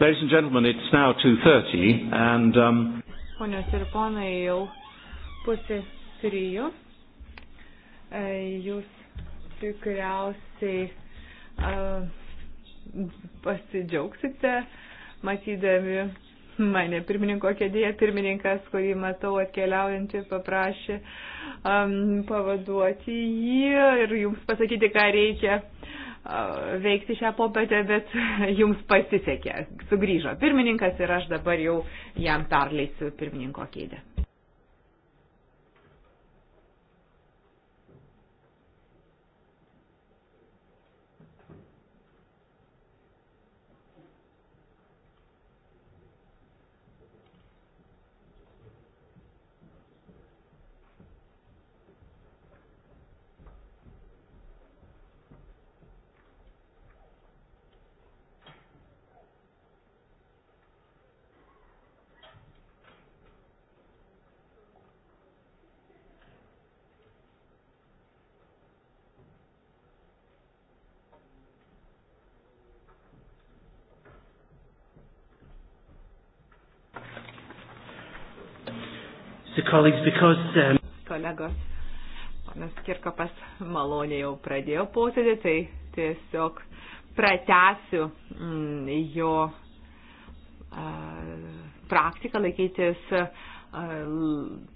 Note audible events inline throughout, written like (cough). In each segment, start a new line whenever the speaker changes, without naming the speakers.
Ladies and gentlemen, it's now 2.30 and... Um,
Ponios ir ponai, jau pusė trijų. E, jūs tikriausiai uh, pasidžiaugsite, matydami mane pirmininko kėdėje, pirmininkas, kurį matau atkeliaujantį, paprašė um, pavaduoti jį ir jums pasakyti, ką reikia. Uh, veikti šią popietę, bet (laughs) jums pasisekė. Sugryžo pirmininkas ir aš dabar jau jam perleisiu pirmininko kėdę. colleagues, because... Um... Kolegos, panas Kirkopas maloniai jau pradėjo posėdį, tai tiesiog pratesiu mm, jo uh, praktiką laikytis uh,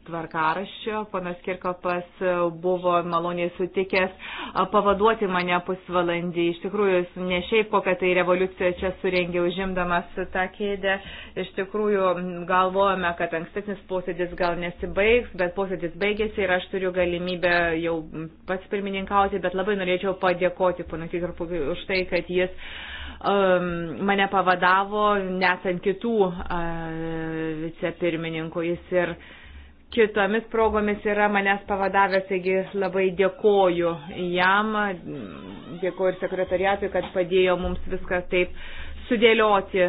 tvarkaraščio. Panas Kirkopas buvo maloniai sutikęs pavaduoti mane pusvalandį. Iš tikrųjų, ne šiaip kokią tai revoliuciją čia surengė užimdamas tą kėdę. Iš tikrųjų, galvojame, kad ankstesnis posėdis gal nesibaigs, bet posėdis baigėsi ir aš turiu galimybę jau pats pirmininkauti, bet labai norėčiau padėkoti panui Kirkopui už tai, kad jis um, mane pavadavo, nesant kitų uh, vicepirmininkų. Jis ir uh, kitomis progomis yra manęs pavadavęs, taigi labai dėkoju jam, dėkoju ir sekretariatui, kad padėjo mums viskas taip sudėlioti.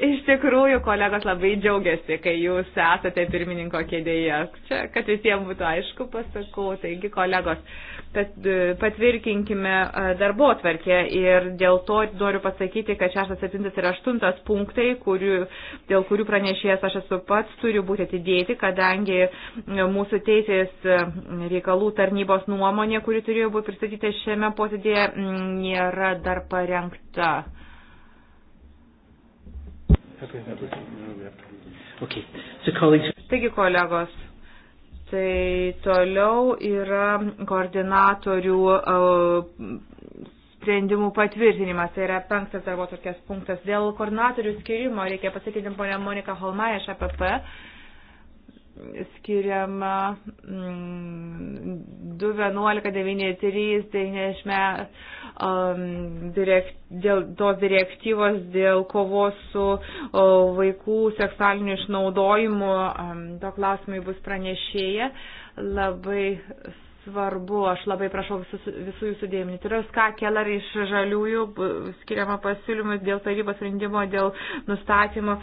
Iš tikrųjų, kolegos labai džiaugiasi, kai jūs esate pirmininko kėdėje. Čia, kad visiems būtų aišku, pasakau. Taigi, kolegos, patvirtinkime e, darbo atverkę ir dėl to noriu pasakyti, kad 6, 7 ir 8 punktai, kurių, dėl kurių pranešėjas aš esu pats, turi būti atidėti, kadangi mūsų teisės e, reikalų tarnybos nuomonė, kuri turėjo būti pristatyta šiame posėdėje, nėra dar parengta.
Taigi,
kolegos, tai toliau yra koordinatorių e, sprendimų patvirtinimas. Tai yra penktas darbo tokias punktas. Dėl koordinatorių skirimo reikia pasakyti, ponia Monika Holmaja iš APP skiriama 2.11.93.90 mm, um, direkt, dėl tos direktyvos dėl kovos su o, vaikų seksualiniu išnaudojimu, um, to klausimai bus pranešėję. Labai svarbu, aš labai prašau visus, visų jūsų dėmesį. Tai yra Ska Keller iš žaliųjų skiriama pasiūlymus dėl tarybos sprendimo, dėl nustatymo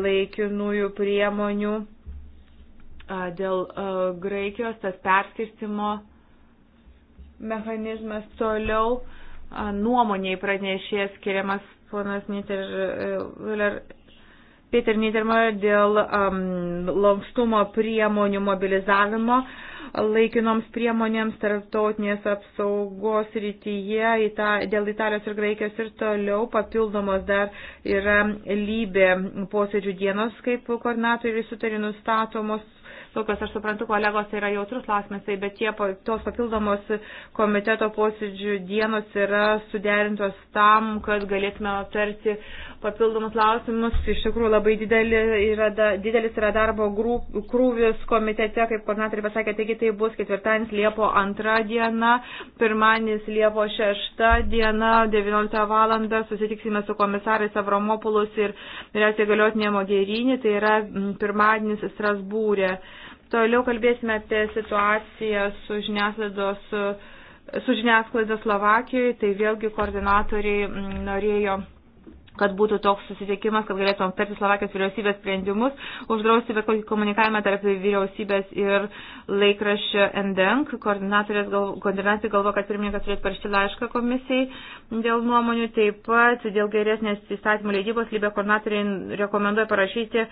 laikinųjų priemonių, dėl Graikijos tas perskirstimo mechanizmas toliau. Uh, nuomoniai pranešėjas skiriamas ponas Niter, Peter Nitermer dėl um, lankstumo priemonių mobilizavimo laikinoms priemonėms tarptautinės apsaugos rytyje ita, dėl Italijos ir Graikijos ir toliau papildomos dar yra lybė posėdžių dienos, kaip koordinatoriai sutarė nustatomos Tokios, aš suprantu, kolegos yra jautrus klausimas, bet tie, tos papildomos komiteto posėdžių dienos yra suderintos tam, kad galėtume aptarti papildomus klausimus. Iš tikrųjų, labai didelį yra, da, didelis yra darbo grup, krūvis komitete, kaip koordinatoriai pasakė, taigi tai bus ketvirtadienis Liepo antra diena, pirmadienis Liepo šešta diena, 19 val. susitiksime su komisarais Avromopulus ir vyriausiai galiotinė Mogerinė, tai yra pirmadienis Strasbūrė. E Toliau kalbėsime apie situaciją su žiniasklaidos, su žiniasklaida Slovakijoje, tai vėlgi koordinatoriai mm, norėjo kad būtų toks susitikimas, kad galėtume aptarti Slovakijos vyriausybės sprendimus, uždrausti bet kokį komunikavimą tarp vyriausybės ir laikraščio NDNK. E Koordinatorės galvo, koordinatorė galvo, kad pirmininkas turėtų parašyti laišką komisijai dėl nuomonių, taip pat dėl geresnės įstatymų leidybos lybė koordinatoriai rekomenduoja parašyti e,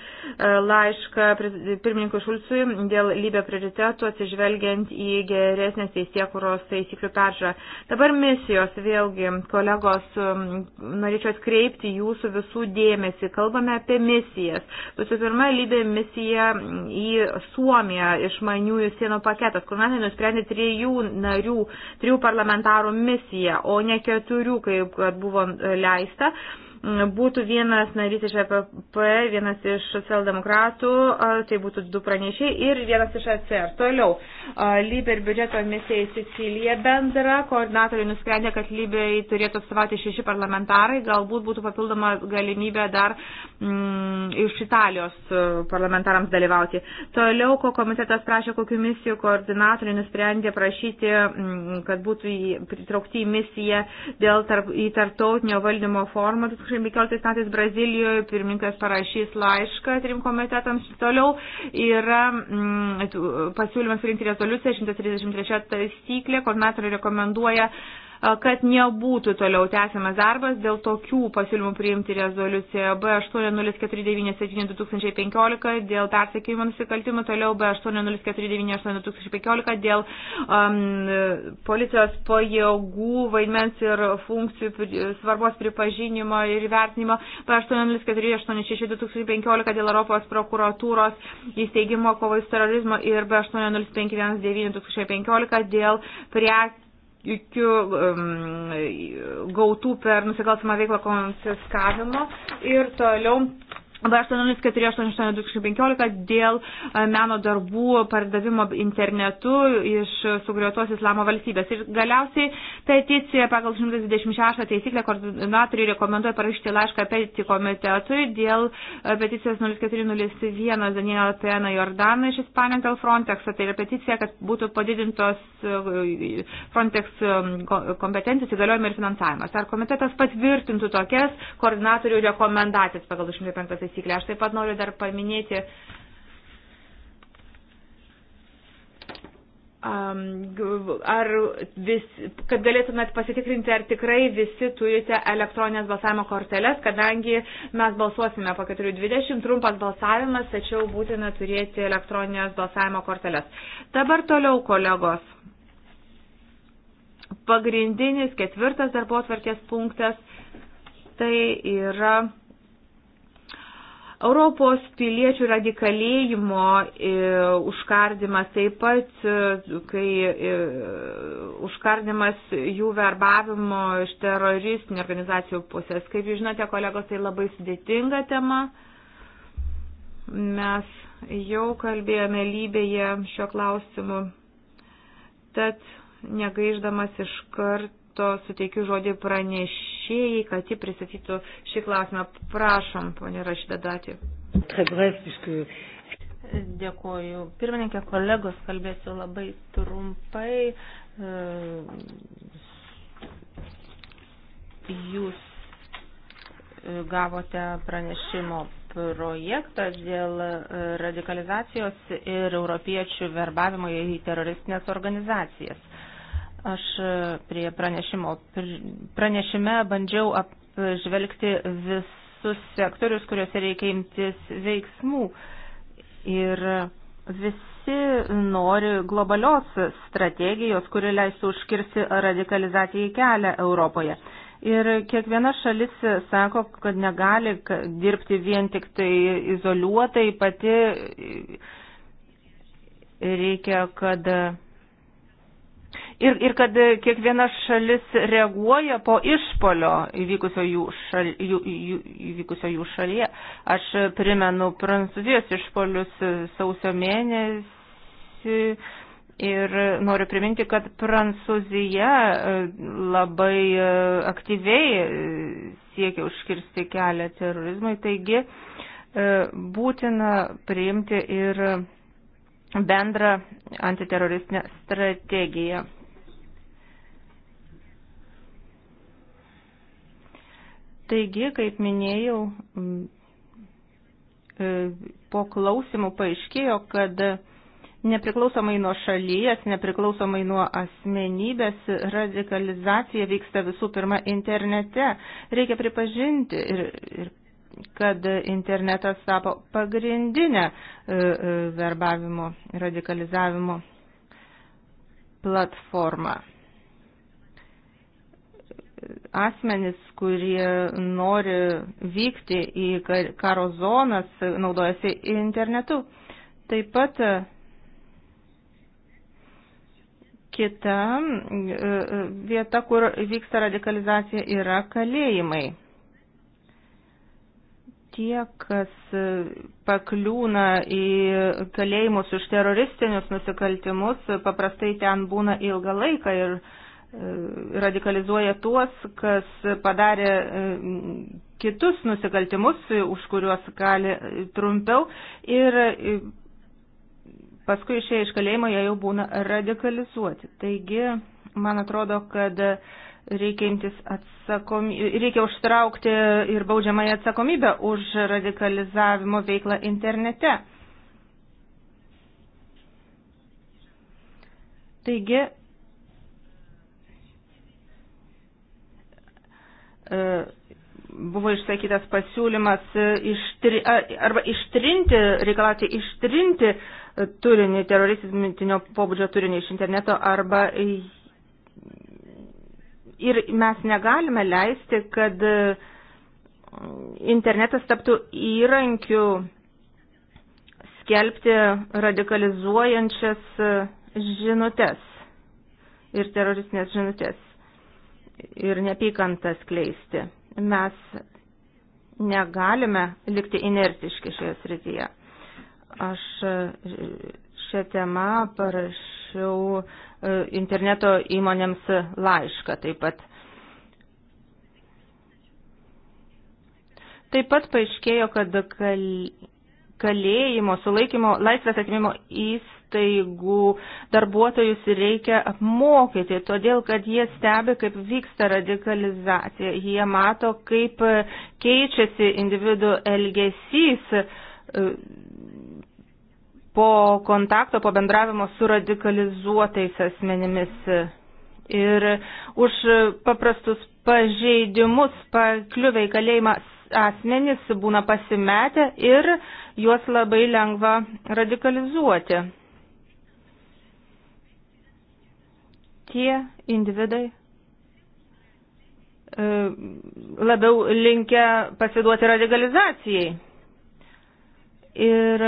laišką pirmininkui Šulcui dėl lybė prioritetų atsižvelgiant į geresnės teisėkuros taisyklių peržą. Dabar misijos vėlgi, kolegos, norėčiau atkreipti jūsų visų dėmesį. Kalbame apie misijas. Visų pirma, lydė misija į Suomiją išmaniųjų sienų paketas, kur mes nusprendė trijų narių, trijų parlamentarų misiją, o ne keturių, kaip buvo leista. Uh, būtų vienas narys iš EPP, vienas iš socialdemokratų, tai būtų du pranešiai ir vienas iš ACR. E Toliau, Liber biudžeto misija į Siciliją bendra, koordinatoriai nusprendė, kad Liberiai turėtų atstovauti šeši parlamentarai, galbūt būtų papildoma galimybė dar mm, iš Italijos parlamentarams dalyvauti. Toliau, ko komitetas prašė, kokiu misijų koordinatoriai nusprendė prašyti, mm, kad būtų pritraukti į misiją dėl tarp, į tarptautinio valdymo formą 2000 2015 metais Brazilijoje pirmininkas parašys laišką trim komitetams. Toliau yra mm, pasiūlymas priimti rezoliuciją 133 taisyklė, koordinatoriai rekomenduoja uh, kad nebūtų toliau tęsiamas darbas dėl tokių pasiūlymų priimti rezoliuciją B8049-2015 dėl persekėjimo nusikaltimų, toliau B8049-2015 dėl um, policijos pajėgų vaidmens ir funkcijų svarbos pripažinimo ir vertinimo, B8048-2015 dėl Europos prokuratūros įsteigimo kovai su terorizmo ir B8051-2015 dėl prie iki um, gautų per nusikalstamą veiklą konfiskavimo ir toliau B80488-2015 dėl e, meno darbų pardavimo internetu iš sugriautos islamo valstybės. Ir galiausiai peticija pagal 126 teisiklę koordinatoriai rekomenduoja parašyti laišką peticijų komitetui dėl e, peticijos 0401 Danielio Pena Jordano iš Ispanijos dėl Frontexo. Tai yra peticija, kad būtų padidintos e, Frontex kompetencijos įgaliojimai ir finansavimas. Ar komitetas patvirtintų tokias koordinatorių rekomendacijas pagal 205 teisiklę? taisyklę. Aš taip pat noriu dar paminėti ar vis, kad galėtumėt pasitikrinti, ar tikrai visi turite elektroninės balsavimo korteles, kadangi mes balsuosime po 4.20, trumpas balsavimas, tačiau būtina turėti elektroninės balsavimo korteles. Dabar toliau, kolegos. Pagrindinis ketvirtas darbo atvarkės punktas tai yra Europos piliečių radikalėjimo e, užkardimas taip pat, e, kai e, užkardimas jų verbavimo iš teroristinių organizacijų pusės. Kaip jūs žinote, kolegos, tai labai sudėtinga tema. Mes jau kalbėjome lybėje šio klausimu. Tad negaiždamas iš kart karto suteikiu žodį pranešėjai, kad ji pristatytų šį klausimą. Prašom, ponė Rašyda Dati.
Dėkuoju. Pirmininkė, kolegos, kalbėsiu labai trumpai. E, jūs e, gavote pranešimo projektas dėl e, radikalizacijos ir europiečių verbavimo į teroristinės organizacijas. Aš e, prie pranešimo, pranešime bandžiau apžvelgti visus sektorius, kuriuose reikia imtis veiksmų. Ir visi nori globalios strategijos, kuri leistų užkirsti radikalizacijai kelią Europoje. Ir kiekviena šalis sako, kad negali dirbti vien tik tai izoliuotai, pati reikia, kad Ir, ir kad e, kiekviena šalis reaguoja po išpolio įvykusio jų, šal, jų, jų, įvykusio jų šalyje. Aš primenu Prancūzijos išpolius e, sausio mėnesį ir noriu priminti, kad Prancūzija e, labai aktyviai siekia užkirsti kelią terorizmui, taigi būtina priimti ir bendrą antiteroristinę strategiją. Taigi, kaip minėjau, po klausimų paaiškėjo, kad nepriklausomai nuo šalies, nepriklausomai nuo asmenybės, radikalizacija vyksta visų pirma internete. Reikia pripažinti ir, ir kad internetas tapo pagrindinę e, e, verbavimo, radikalizavimo platformą. Asmenys, kurie nori vykti į karo zonas, naudojasi internetu. Taip pat e, kita vieta, kur vyksta radikalizacija, yra kalėjimai tie, kas e, pakliūna į kalėjimus už teroristinius nusikaltimus, paprastai ten būna ilgą laiką ir e, radikalizuoja tuos, kas padarė e, kitus nusikaltimus, už kuriuos gali trumpiau ir paskui išėję iš kalėjimo jie jau būna radikalizuoti. Taigi, man atrodo, kad reikia, atsakomy... reikia užtraukti ir baudžiamąją atsakomybę už radikalizavimo veiklą internete. Taigi, e, buvo išsakytas pasiūlymas ištri, arba ištrinti, reikalauti ištrinti turinį, teroristinio pobūdžio turinį iš interneto arba ir mes negalime leisti, kad e, internetas taptų įrankiu skelbti radikalizuojančias e, žinutės ir teroristinės žinutės ir neapykantas kleisti. Mes negalime likti inertiški šioje srityje. Aš e, šią temą parašiau E, interneto įmonėms laišką taip pat. Taip pat paaiškėjo, kad kalėjimo, sulaikymo, laisvės atimimo įstaigų darbuotojus reikia apmokyti, todėl kad jie stebi, kaip vyksta radikalizacija. Jie mato, kaip keičiasi individų elgesys e, po kontakto, po bendravimo su radikalizuotais asmenimis. Ir už paprastus pažeidimus pakliuvę į kalėjimą asmenys būna pasimetę ir juos labai lengva radikalizuoti. Tie individai e, labiau linkę pasiduoti radikalizacijai. Ir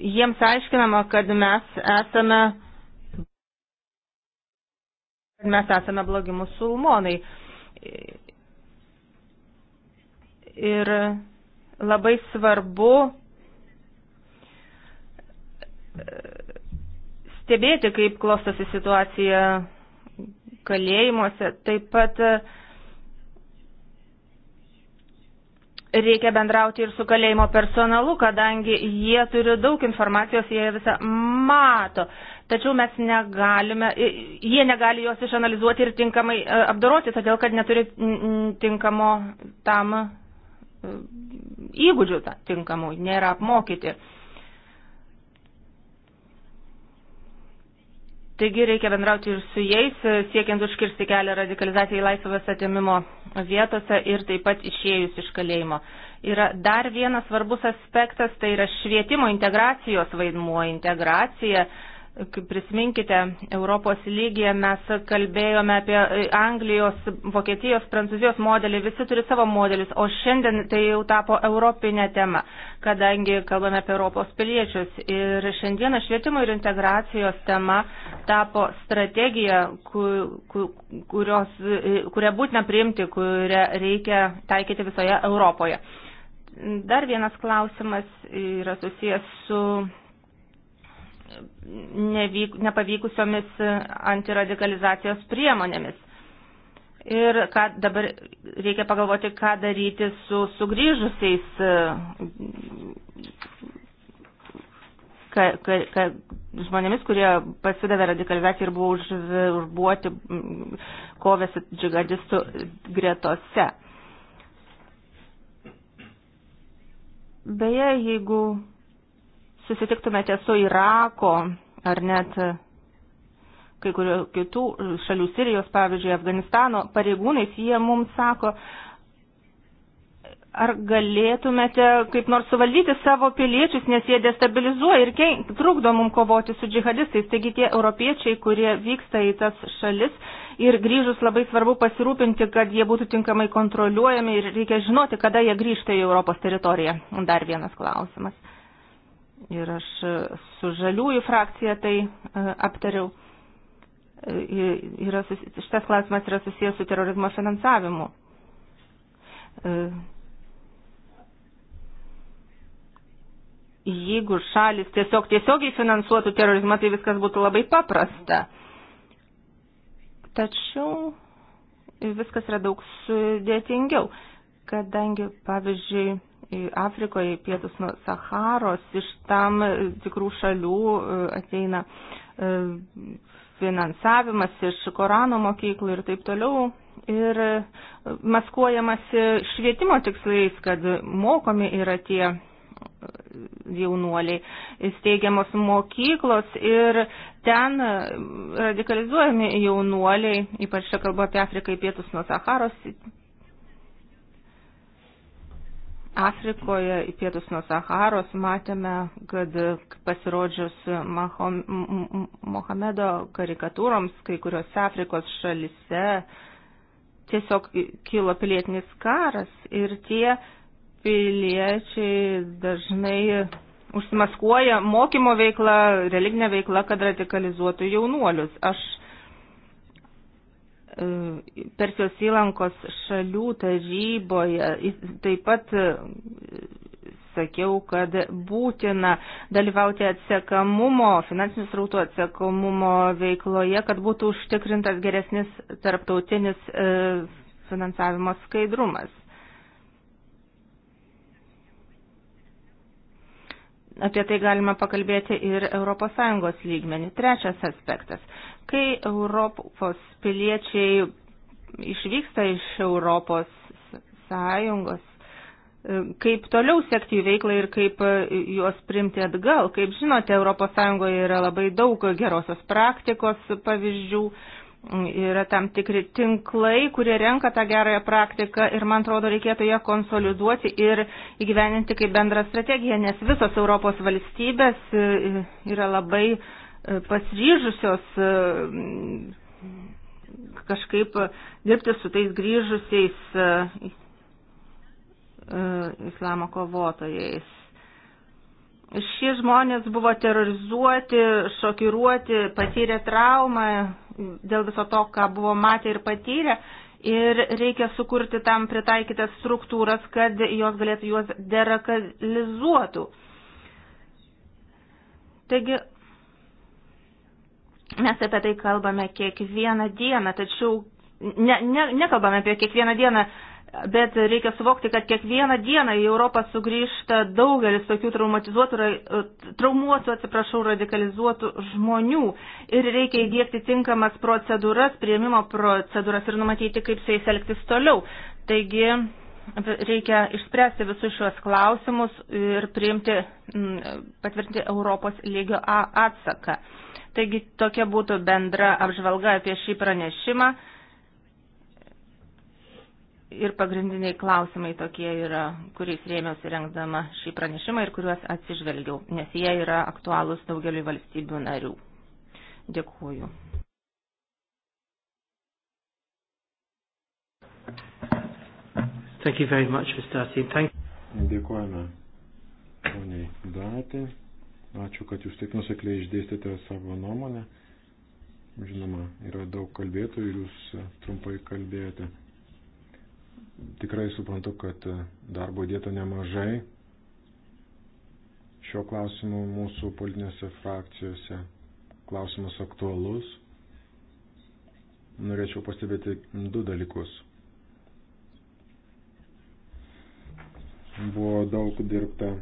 jiems aiškinama, kad mes esame, kad mes esame blogi musulmonai. Ir labai svarbu e, stebėti, kaip klostosi situacija kalėjimuose. Taip pat e, reikia bendrauti ir su kalėjimo personalu, kadangi jie turi daug informacijos, jie visą mato. Tačiau mes negalime, jie negali jos išanalizuoti ir tinkamai e, apdoroti, todėl kad neturi tinkamo tam e, įgūdžių tinkamų, nėra apmokyti. Taigi reikia bendrauti ir su jais, siekiant užkirsti kelią radikalizacijai laisvės atimimo vietose ir taip pat išėjus iš kalėjimo. Yra dar vienas svarbus aspektas, tai yra švietimo integracijos vaidmuo, integracija Prisiminkite, Europos lygyje mes kalbėjome apie e, Anglijos, Vokietijos, Prancūzijos modelį, visi turi savo modelius, o šiandien tai jau tapo europinė tema, kadangi kalbame apie Europos piliečius. Ir šiandieną švietimo ir integracijos tema tapo strategija, kurios, e, kurią būtina priimti, kurią reikia taikyti visoje Europoje. Dar vienas klausimas yra susijęs su nevyk, nepavykusiomis antiradikalizacijos priemonėmis. Ir ką dabar reikia pagalvoti, ką daryti su sugrįžusiais ka, ka, ka, žmonėmis, kurie pasidavė radikalizacijai ir buvo užbuoti mm, kovės džigadistų gretose. Beje, jeigu susitiktumėte su Irako ar net kai kurių kitų šalių Sirijos, pavyzdžiui, Afganistano pareigūnais, jie mums sako, ar galėtumėte kaip nors suvaldyti savo piliečius, nes jie destabilizuoja ir kenk, trukdo mums kovoti su džihadistais. Taigi tie europiečiai, kurie vyksta į tas šalis ir grįžus labai svarbu pasirūpinti, kad jie būtų tinkamai kontroliuojami ir reikia žinoti, kada jie grįžta į Europos teritoriją. Dar vienas klausimas ir aš e, su žaliųjų frakcija tai e, aptariau, e, yra, šitas klausimas yra susijęs su terorizmo finansavimu. Jeigu šalis tiesiog tiesiogiai finansuotų terorizmą, tai viskas būtų labai paprasta. Tačiau viskas yra daug sudėtingiau, kadangi, pavyzdžiui, Afrikoje, pietus nuo Saharos, iš tam e, tikrų šalių e, ateina e, finansavimas iš Korano mokyklų ir taip toliau. Ir maskuojamasi švietimo tikslais, kad mokomi yra tie jaunuoliai, steigiamos mokyklos ir ten radikalizuojami jaunuoliai, ypač čia kalbu apie Afriką į pietus nuo Saharos, Afrikoje į pietus nuo Saharos matėme, kad pasirodžius Mahom, Mohamedo karikatūroms kai kuriuose Afrikos šalise tiesiog kilo pilietinis karas ir tie piliečiai dažnai užsimaskuoja mokymo veiklą, religinę veiklą, kad radikalizuotų jaunuolius. Aš Persijos įlankos šalių taryboje taip pat e, sakiau, kad būtina dalyvauti atsekamumo, finansinių srautų atsekamumo veikloje, kad būtų užtikrintas geresnis tarptautinis e, finansavimo skaidrumas. Apie tai galima pakalbėti ir ES lygmenį. Trečias aspektas. Kai Europos piliečiai išvyksta iš Europos sąjungos, e, kaip toliau sekti jų veiklą ir kaip e, juos primti atgal. Kaip žinote, ES yra labai daug gerosios praktikos pavyzdžių, mm, yra tam tikri tinklai, kurie renka tą gerąją praktiką ir, man atrodo, reikėtų ją konsoliduoti ir įgyveninti kaip bendrą strategiją, nes visos Europos valstybės e, yra labai E, pasiryžusios e, kažkaip dirbti su tais grįžusiais e, islamo kovotojais. Šie žmonės buvo terrorizuoti, šokiruoti, patyrė traumą dėl viso to, ką buvo matę ir patyrę. Ir reikia sukurti tam pritaikytas struktūras, kad jos galėtų juos derakalizuotų. Taigi Mes apie tai kalbame kiekvieną dieną, tačiau ne, ne, nekalbame apie kiekvieną dieną, bet reikia suvokti, kad kiekvieną dieną į Europą sugrįžta daugelis tokių traumatizuotų, traumuotų, atsiprašau, radikalizuotų žmonių ir reikia įdėkti tinkamas procedūras, prieimimo procedūras ir numatyti, kaip su jais elgtis toliau. Taigi, reikia išspręsti visus šios klausimus ir priimti, patvirtinti Europos lygio A atsaką. Taigi tokia būtų bendra apžvalga apie šį pranešimą. Ir pagrindiniai klausimai tokie yra, kuriais rėmiausi rengdama šį pranešimą ir kuriuos atsižvelgiau, nes jie yra aktualūs daugeliu valstybių narių. Dėkuoju.
Thank you very
much, Mr. Thank... Dėkojame, poniai Datė. Ačiū, kad jūs taip nusekliai išdėstėte savo nuomonę. Žinoma, yra daug kalbėtojų ir jūs e, trumpai kalbėjote. Tikrai suprantu, kad e, darbo dėta nemažai šio klausimu mūsų politinėse frakcijose. Klausimas aktualus. Norėčiau pastebėti du dalykus. Buvo daug dirbta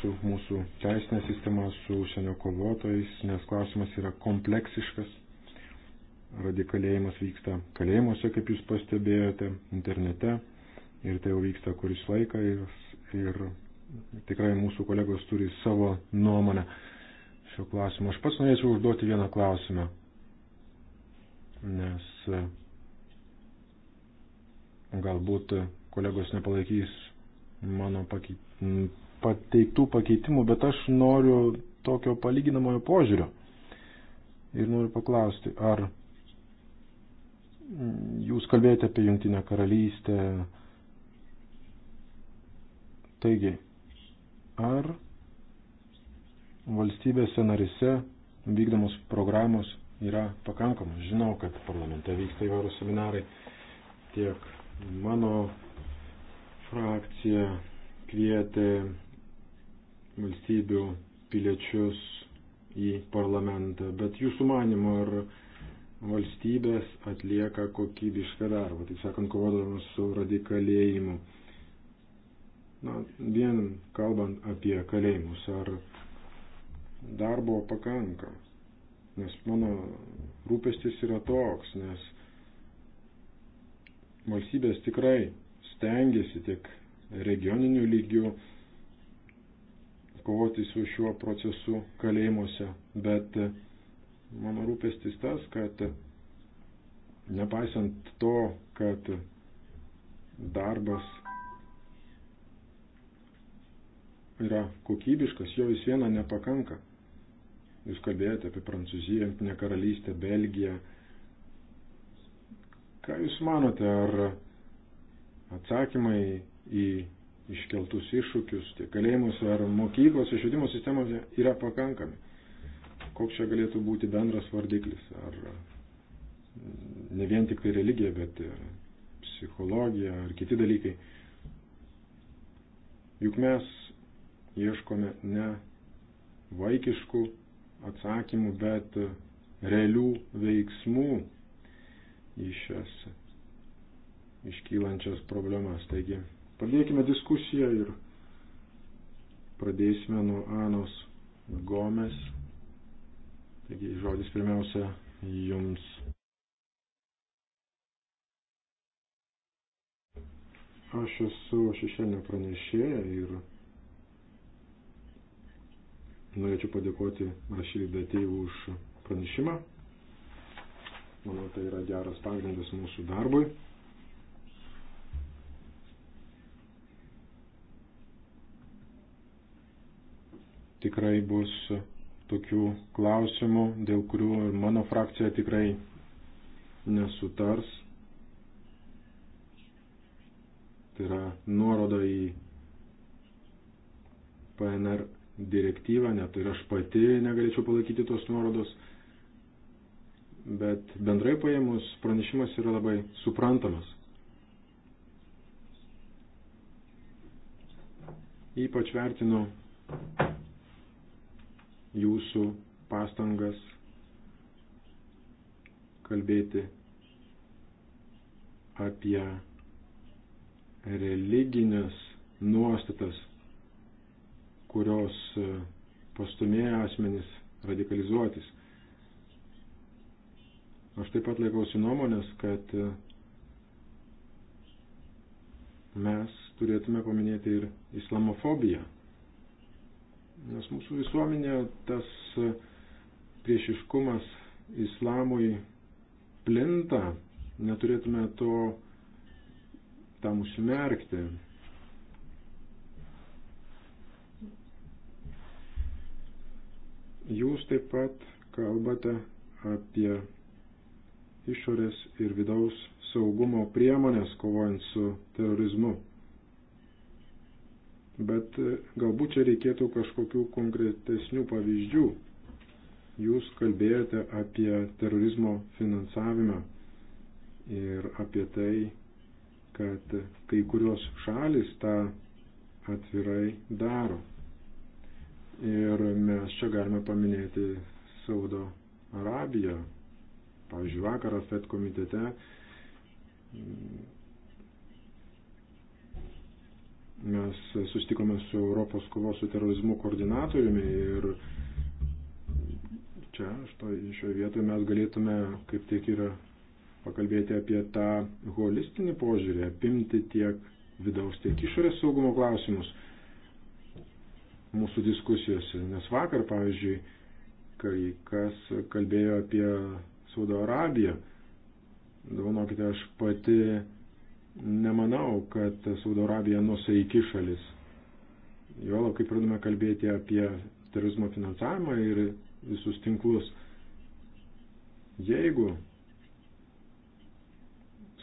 su mūsų teisinė sistema, su užsienio kovotojais, nes klausimas yra kompleksiškas. Radikalėjimas vyksta kalėjimuose, kaip jūs pastebėjote, internete ir tai jau vyksta kuris laiką ir, ir tikrai mūsų kolegos turi savo nuomonę šio klausimo. Aš pats norėčiau užduoti vieną klausimą, nes e, galbūt kolegos nepalaikys mano pakeitimo pateiktų pakeitimų, bet aš noriu tokio palyginamojo požiūrio. Ir noriu paklausti, ar jūs kalbėjote apie Jungtinę karalystę. Taigi, ar valstybėse narise vykdomos programos yra pakankamos? Žinau, kad parlamente vyksta įvairūs seminarai. Tiek mano frakcija kvietė valstybių piliečius į parlamentą. Bet jūsų manimo, ar valstybės atlieka kokybišką darbą, taip sakant, kovodamas su radikalėjimu? Na, vien kalbant apie kalėjimus, ar darbo pakanka? Nes mano rūpestis yra toks, nes valstybės tikrai stengiasi tiek regioninių lygių, kovoti su šiuo procesu kalėjimuose. Bet e, mano rūpestis tas, kad nepaisant to, kad darbas yra kokybiškas, jo vis viena nepakanka. Jūs kalbėjote apie Prancūziją, Jungtinę karalystę, Belgiją. Ką Jūs manote, ar atsakymai į iškeltus iššūkius tiek kalėjimuose ar mokyklose, švietimo sistemose yra pakankami. Koks čia galėtų būti bendras vardiklis? Ar mm, ne vien tik tai religija, bet ir psichologija ar kiti dalykai. Juk mes ieškome ne vaikiškų atsakymų, bet realių veiksmų į šias iškylančias problemas. Taigi Paliekime diskusiją ir pradėsime nuo Anos Gomes. Taigi žodis pirmiausia jums. Aš esu šešėlinio pranešėja ir norėčiau padėkoti Rašydį Betei už pranešimą. Manau, tai yra geras pagrindas mūsų darbui. tikrai bus tokių klausimų, dėl kurių ir mano frakcija tikrai nesutars. Tai yra nuoroda į PNR direktyvą, net ir aš pati negalėčiau palaikyti tos nuorodos, bet bendrai paėmus pranešimas yra labai suprantamas. Ypač vertinu jūsų pastangas kalbėti apie religinės nuostatas, kurios e, pastumėja asmenis radikalizuotis. Aš taip pat laikausi nuomonės, kad e, mes turėtume paminėti ir islamofobiją. Nes mūsų visuomenė tas e, priešiškumas islamui plinta, neturėtume to tam užsimerkti. Jūs taip pat kalbate apie išorės ir vidaus saugumo priemonės kovojant su terorizmu. Bet e, galbūt čia reikėtų kažkokių konkretesnių pavyzdžių. Jūs kalbėjote apie terorizmo finansavimą ir apie tai, kad kai kurios šalis tą atvirai daro. Ir mes čia galime paminėti Saudo Arabiją. Pavyzdžiui, vakarą FED komitete Mes sustikome su Europos kovos su terorizmu koordinatoriumi ir čia, šitoje šio vietoje mes galėtume kaip tik ir pakalbėti apie tą holistinį požiūrį, apimti tiek vidaus, tiek išorės saugumo klausimus mūsų diskusijose. Nes vakar, pavyzdžiui, kai kas kalbėjo apie Saudo Arabiją, davanokite, aš pati Nemanau, kad Saudo Arabija nusaiki šalis. Juolab, kai pradame kalbėti apie terorizmo finansavimą ir visus tinklus, jeigu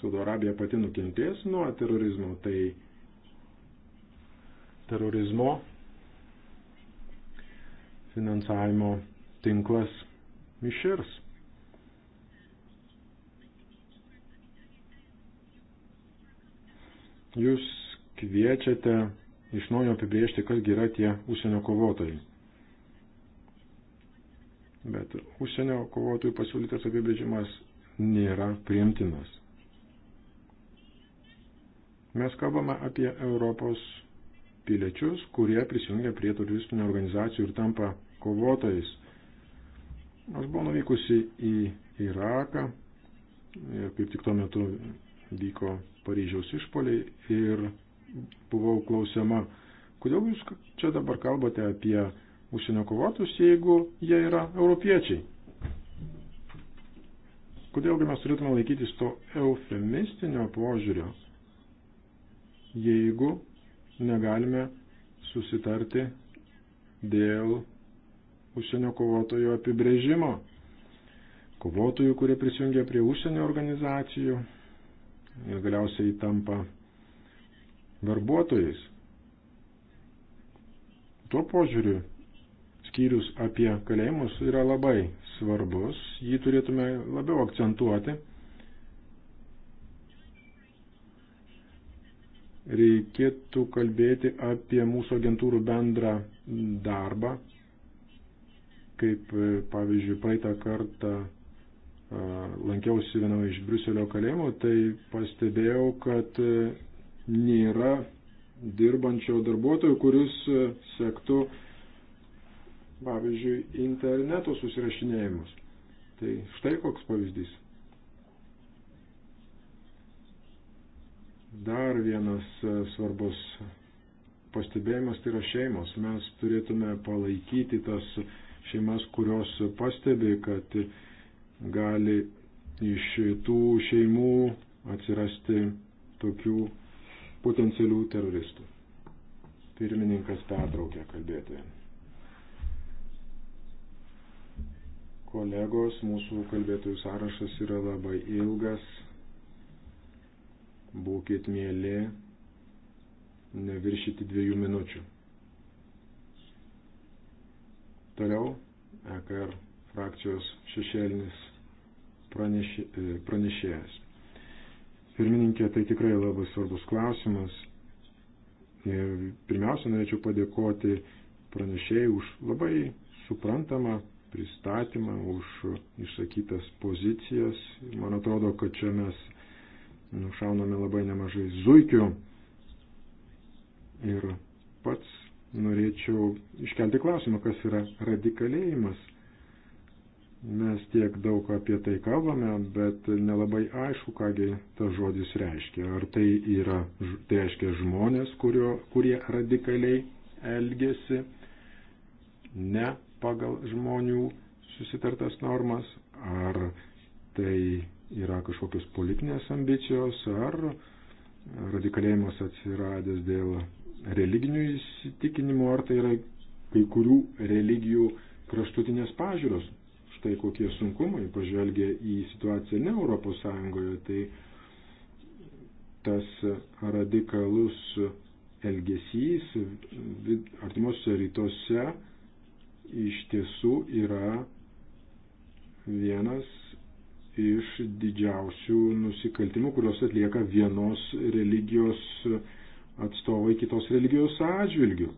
Saudo Arabija pati nukentės nuo terorizmo, tai terorizmo finansavimo tinklas miširs. Jūs kviečiate iš naujo apibriežti, kas yra tie užsienio kovotojai. Bet užsienio kovotojų pasiūlytas apibrėžimas nėra priimtinas. Mes kalbame apie Europos piliečius, kurie prisijungia prie turistinių organizacijų ir tampa kovotojais. Aš buvau nuvykusi į Iraką ir kaip tik tuo metu vyko Paryžiaus išpoliai ir buvau klausiama, kodėl jūs čia dabar kalbate apie užsienio kovotus, jeigu jie yra europiečiai. Kodėlgi mes turėtume laikytis to eufemistinio požiūrio, jeigu negalime susitarti dėl užsienio kovotojo apibrėžimo, kovotojų, kurie prisijungia prie užsienio organizacijų, ir galiausiai tampa darbuotojais. Tuo požiūriu skyrius apie kalėjimus yra labai svarbus, jį turėtume labiau akcentuoti. Reikėtų kalbėti apie mūsų agentūrų bendrą darbą, kaip pavyzdžiui praeitą kartą lankiausi viename iš Briuselio kalėjimų, tai pastebėjau, kad e, nėra dirbančio darbuotojo, kuris e, sektų, pavyzdžiui, interneto susirašinėjimus. Tai štai koks pavyzdys. Dar vienas e, svarbus pastebėjimas tai yra šeimos. Mes turėtume palaikyti tas šeimas, kurios pastebi, kad gali iš tų šeimų atsirasti tokių potencialių teroristų. Pirmininkas pertraukė kalbėtoją. Kolegos, mūsų kalbėtojų sąrašas yra labai ilgas. Būkit mėly, neviršyti dviejų minučių. Toliau, EKR frakcijos šešėlinis pranešė, e, pranešėjas. Pirmininkė, tai tikrai labai svarbus klausimas. Ir pirmiausia, norėčiau padėkoti pranešėjai už labai suprantamą pristatymą, už išsakytas pozicijas. Man atrodo, kad čia mes nušauname labai nemažai zuikių. Ir pats norėčiau iškelti klausimą, kas yra radikalėjimas. Mes tiek daug apie tai kalbame, bet nelabai aišku, kągi tas žodis reiškia. Ar tai, yra, tai reiškia žmonės, kurio, kurie radikaliai elgesi ne pagal žmonių susitartas normas, ar tai yra kažkokios politinės ambicijos, ar radikalėjimas atsiradęs dėl religinių įsitikinimų, ar tai yra kai kurių religijų kraštutinės pažiūros štai kokie sunkumai, pažvelgia į situaciją ne Europos Sąjungoje, tai tas radikalus elgesys artimuose rytuose iš tiesų yra vienas iš didžiausių nusikaltimų, kuriuos atlieka vienos religijos atstovai kitos religijos atžvilgių.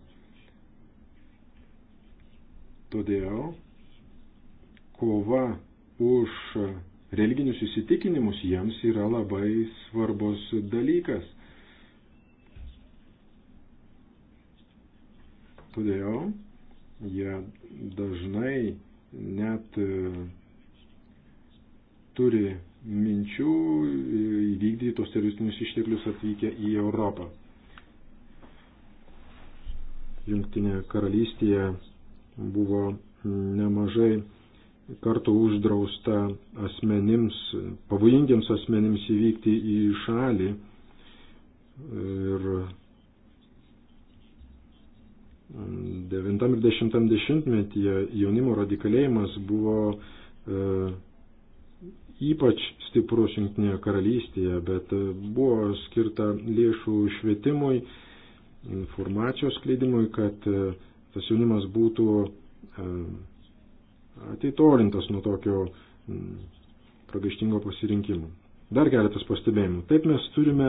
Todėl kova už religinius įsitikinimus jiems yra labai svarbus dalykas. Todėl jie dažnai net e, turi minčių įvykdyti tos teroristinius išteklius atvykę į Europą. Jungtinė karalystėje buvo nemažai kartų uždrausta asmenims, pavojingiems asmenims įvykti į šalį. Ir 9 ir 10 dešimtmetyje jaunimo radikalėjimas buvo e, ypač stiprus Junktinėje karalystėje, bet e, buvo skirta lėšų švietimui, informacijos skleidimui, kad e, tas jaunimas būtų e, atitolintas nuo tokio mm, pragaištingo pasirinkimo. Dar keletas pastebėjimų. Taip mes turime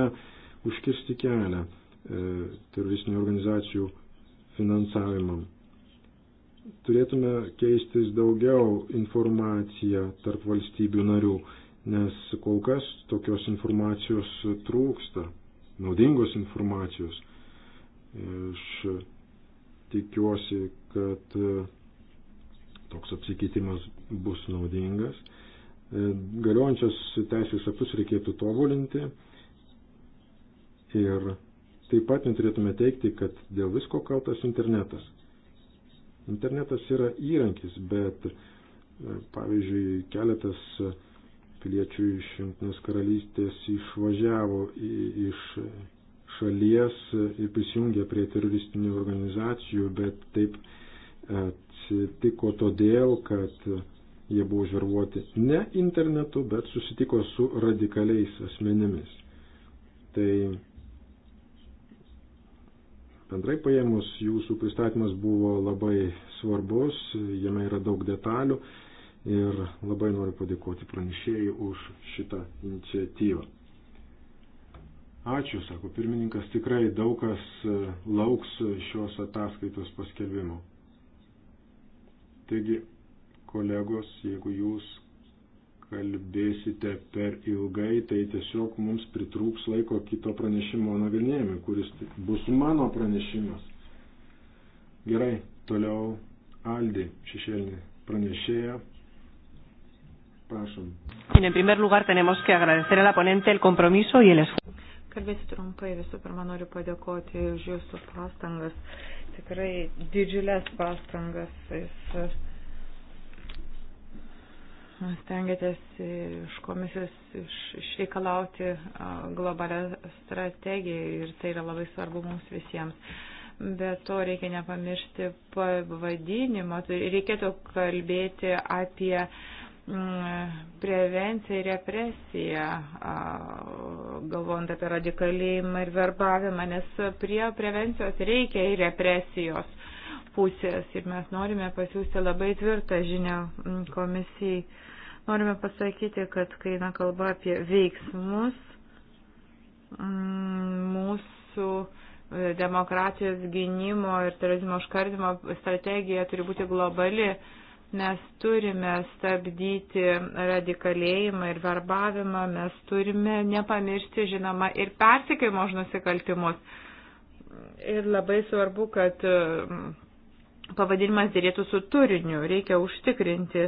užkirsti kelią e, teroristinių organizacijų finansavimam. Turėtume keistis daugiau informaciją tarp valstybių narių, nes kol kas tokios informacijos trūksta, naudingos informacijos. Aš tikiuosi, kad toks apsikeitimas bus naudingas. E, Galiojančias teisės aktus reikėtų tobulinti ir taip pat neturėtume teikti, kad dėl visko kaltas internetas. Internetas yra įrankis, bet e, pavyzdžiui, keletas piliečių iš Junktinės karalystės išvažiavo iš šalies ir prisijungė prie teroristinių organizacijų, bet taip e, susitiko todėl, kad jie buvo žervuoti ne internetu, bet susitiko su radikaliais asmenimis. Tai bendrai paėmus jūsų pristatymas buvo labai svarbus, jame yra daug detalių ir labai noriu padėkoti pranešėjai už šitą iniciatyvą. Ačiū, sako pirmininkas, tikrai daug kas lauks šios ataskaitos paskelbimo. Taigi, kolegos, jeigu jūs kalbėsite per ilgai, tai tiesiog mums pritrūks laiko kito pranešimo nagrinėjimui, kuris bus mano pranešimas. Gerai, toliau Aldi šešėlinį pranešėją. Prašom.
En primer lugar tenemos que agradecer a la ponente el compromiso y el esfuerzo.
Kalbėsiu trumpai, visų pirma noriu padėkoti už jūsų pastangas tikrai didžiulės pastangas. Jis e, stengiatės iš komisijos iš, išreikalauti globalią strategiją ir tai yra labai svarbu mums visiems. Be to reikia nepamiršti pavadinimo, tai reikėtų kalbėti apie uh, Mm, prevencija ir represija, galvojant apie radikalėjimą ir verbavimą, nes prie prevencijos reikia ir represijos pusės ir mes norime pasiūsti labai tvirtą žinę mm, komisijai. Norime pasakyti, kad kai eina kalba apie veiksmus, mm, mūsų demokratijos gynimo ir terorizmo užkardimo strategija turi būti globali Mes turime stabdyti radikalėjimą ir verbavimą, mes turime nepamiršti, žinoma, ir persikėjimo už nusikaltimus. Ir labai svarbu, kad mm, pavadinimas dėrėtų su turiniu, reikia užtikrinti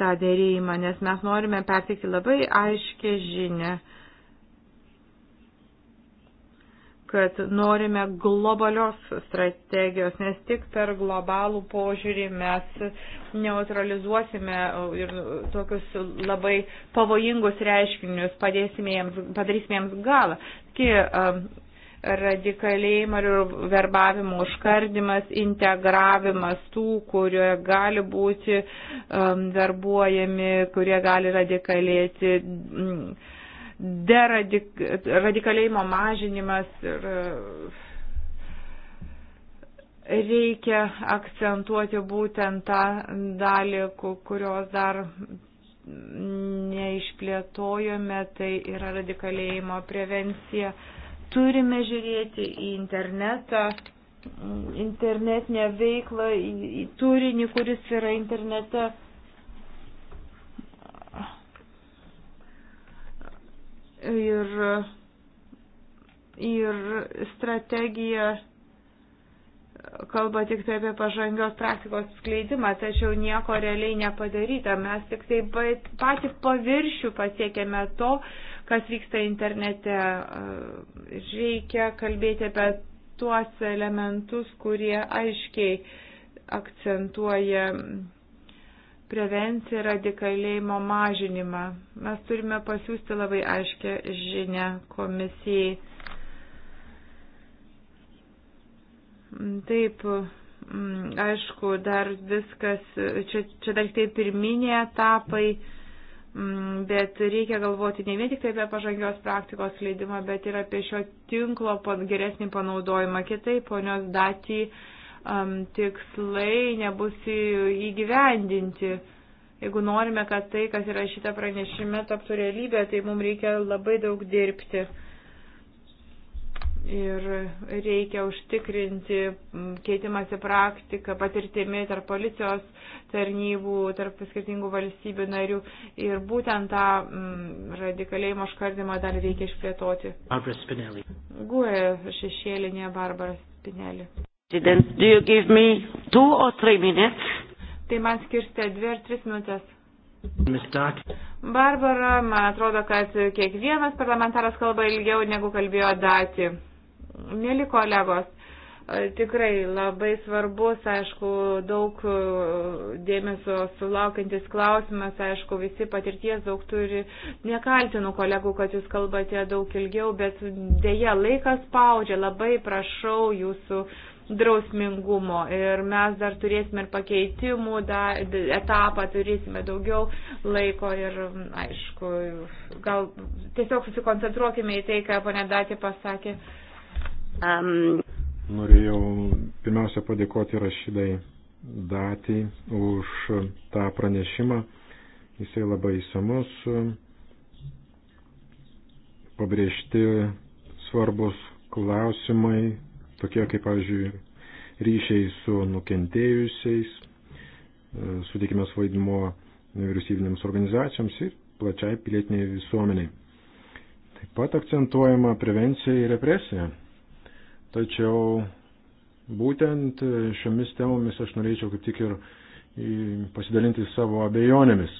tą dėrėjimą, nes mes norime perteikti labai aiškę žinę kad norime globalios strategijos, nes tik per globalų požiūrį mes neutralizuosime ir tokius labai pavojingus reiškinius, jiems, padarysime jiems galą. Taigi, um, radikalėjimo ir verbavimo užkardimas, integravimas tų, kurie gali būti um, verbuojami, kurie gali radikalėti. Um, deradikalėjimo mažinimas ir reikia akcentuoti būtent tą dalį, kurios dar neišplėtojome, tai yra radikalėjimo prevencija. Turime žiūrėti į internetą, internetinę veiklą, į, į turinį, kuris yra internete ir, ir strategija kalba tik tai apie pažangios praktikos skleidimą, tačiau nieko realiai nepadaryta. Mes tik tai patį paviršių pasiekėme to, kas vyksta internete. Reikia kalbėti apie tuos elementus, kurie aiškiai akcentuoja prevenciją radikalėjimo mažinimą. Mes turime pasiūsti labai aiškę žinę komisijai. Taip, mm, aišku, dar viskas, čia, čia dar tai pirminiai etapai, mm, bet reikia galvoti ne vien tik tai apie pažangios praktikos leidimą, bet ir apie šio tinklo geresnį panaudojimą. Kitaip, ponios Datį um, tikslai nebus įgyvendinti. Jeigu norime, kad tai, kas yra šita pranešime, taptų realybė, tai mums reikia labai daug dirbti. Ir reikia užtikrinti keitimąsi praktiką, patirtimi tarp policijos tarnybų, tarp skirtingų valstybių narių. Ir būtent tą m, radikalėjimo škardimą dar reikia išplėtoti. Guė šešėlinė Barbara Spinelė.
President, do you give me two or three minutes?
Tai man skirsite dvi ar tris minutės. Barbara, man atrodo, kad kiekvienas parlamentaras kalba ilgiau negu kalbėjo Dati. Mėly kolegos, tikrai labai svarbus, aišku, daug dėmesio sulaukiantis klausimas, aišku, visi patirties daug turi. Nekaltinu kolegų, kad jūs kalbate daug ilgiau, bet dėja laikas spaudžia. Labai prašau jūsų uh, drausmingumo ir mes dar turėsime ir pakeitimų da, etapą, turėsime daugiau laiko ir, aišku, gal tiesiog susikoncentruokime į tai, ką ponė Datė pasakė. Um.
Norėjau pirmiausia padėkoti rašydai Datį už tą pranešimą. Jisai labai įsamus, pabrėžti svarbus klausimai, tokie kaip, pavyzdžiui, ryšiai su nukentėjusiais, e, suteikimas vaidmuo nevyriausybinėms organizacijoms ir plačiai pilietiniai visuomeniai. Taip pat akcentuojama prevencija ir represija. Tačiau būtent šiomis temomis aš norėčiau kaip tik ir pasidalinti savo abejonėmis.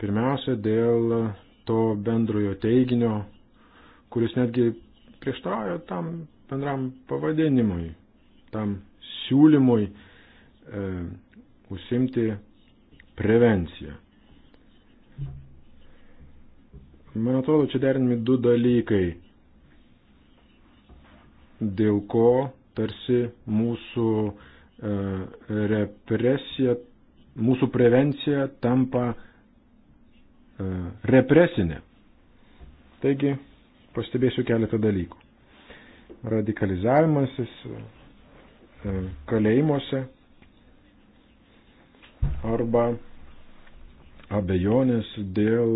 Pirmiausia, dėl to bendrojo teiginio, kuris netgi prieštrauja tam bendram pavadinimui, tam siūlymui e, užsimti prevenciją. Man atrodo, čia derinami du dalykai, dėl ko tarsi mūsų e, represija, mūsų prevencija tampa e, represinė. Taigi, pastebėsiu keletą dalykų radikalizavimasis e, kalėjimuose arba abejonės dėl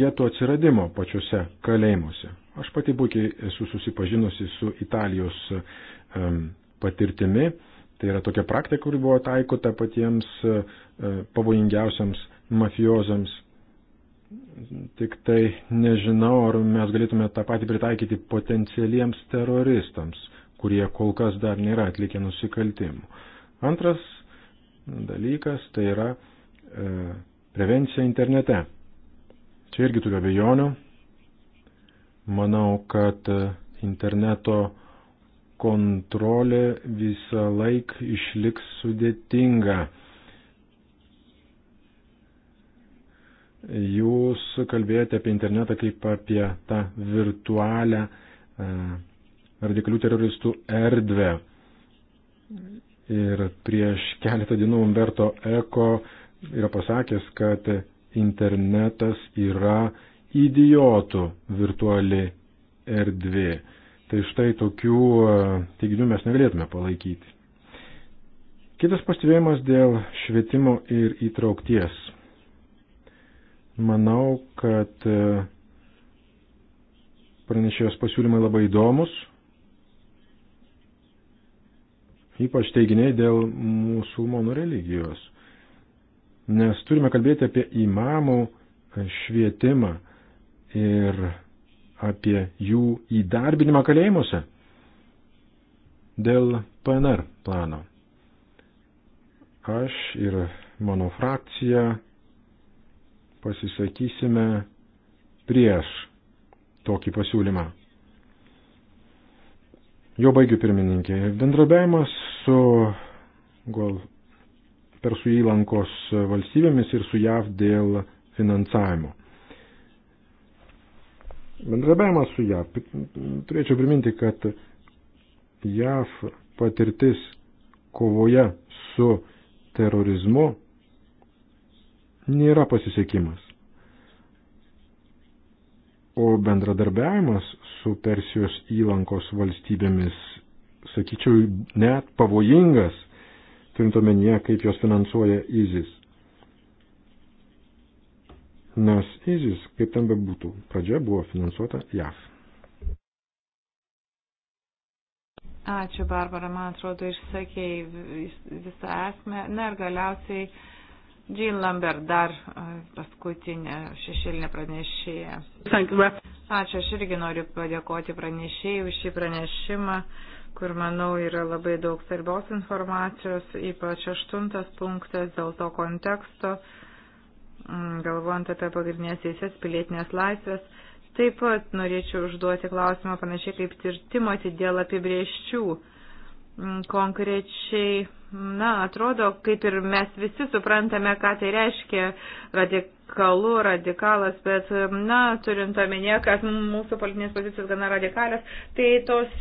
getų atsiradimo pačiuose kalėjimuose. Aš pati puikiai esu susipažinusi su Italijos e, patirtimi. Tai yra tokia praktika, kuri buvo taikota patiems e, pavojingiausiams mafiozams Tik tai nežinau, ar mes galėtume tą patį pritaikyti potencialiems teroristams, kurie kol kas dar nėra atlikę nusikaltimų. Antras dalykas tai yra e, prevencija internete. Čia irgi turiu abejonių. Manau, kad e, interneto kontrolė visą laik išliks sudėtinga Jūs kalbėjote apie internetą kaip apie tą virtualią e, radikalių teroristų erdvę. Ir prieš keletą dienų Umberto Eko yra pasakęs, kad internetas yra idiotų virtuali erdvė. Tai štai tokių e, teiginių mes negalėtume palaikyti. Kitas pastebėjimas dėl švietimo ir įtraukties. Manau, kad e, pranešėjos pasiūlymai labai įdomus, ypač teiginiai dėl musulmonų religijos. Nes turime kalbėti apie imamų švietimą ir apie jų įdarbinimą kalėjimuose dėl PNR plano. Aš ir mano frakcija pasisakysime prieš tokį pasiūlymą. Jo baigiu pirmininkė. Bendrabiavimas su gal, Persų įlankos valstybėmis ir su JAV dėl finansavimo. Bendrabiavimas su JAV. Turėčiau priminti, kad JAV patirtis kovoje su terorizmu nėra pasisekimas. O bendradarbiavimas su Persijos įlankos valstybėmis, sakyčiau, net pavojingas, turint omenyje, kaip jos finansuoja IZIS. Nes IZIS, kaip ten bebūtų, pradžia buvo finansuota JAV.
Ačiū, Barbara, man atrodo, išsakėjai visą esmę. Na ir galiausiai Jean Lambert, dar paskutinė šešėlinė pranešėja. Ačiū, aš irgi noriu padėkoti pranešėjai už šį pranešimą, kur, manau, yra labai daug svarbios informacijos, ypač aštuntas punktas dėl to konteksto, galvojant apie pagrindinės teisės, pilietinės laisvės. Taip pat norėčiau užduoti klausimą panašiai kaip tirtimoti dėl apibrieščių konkrečiai Na, atrodo, kaip ir mes visi suprantame, ką tai reiškia radikalu, radikalas, bet, na, turint omenyje, kad mūsų politinės pozicijos gana radikalios, tai tos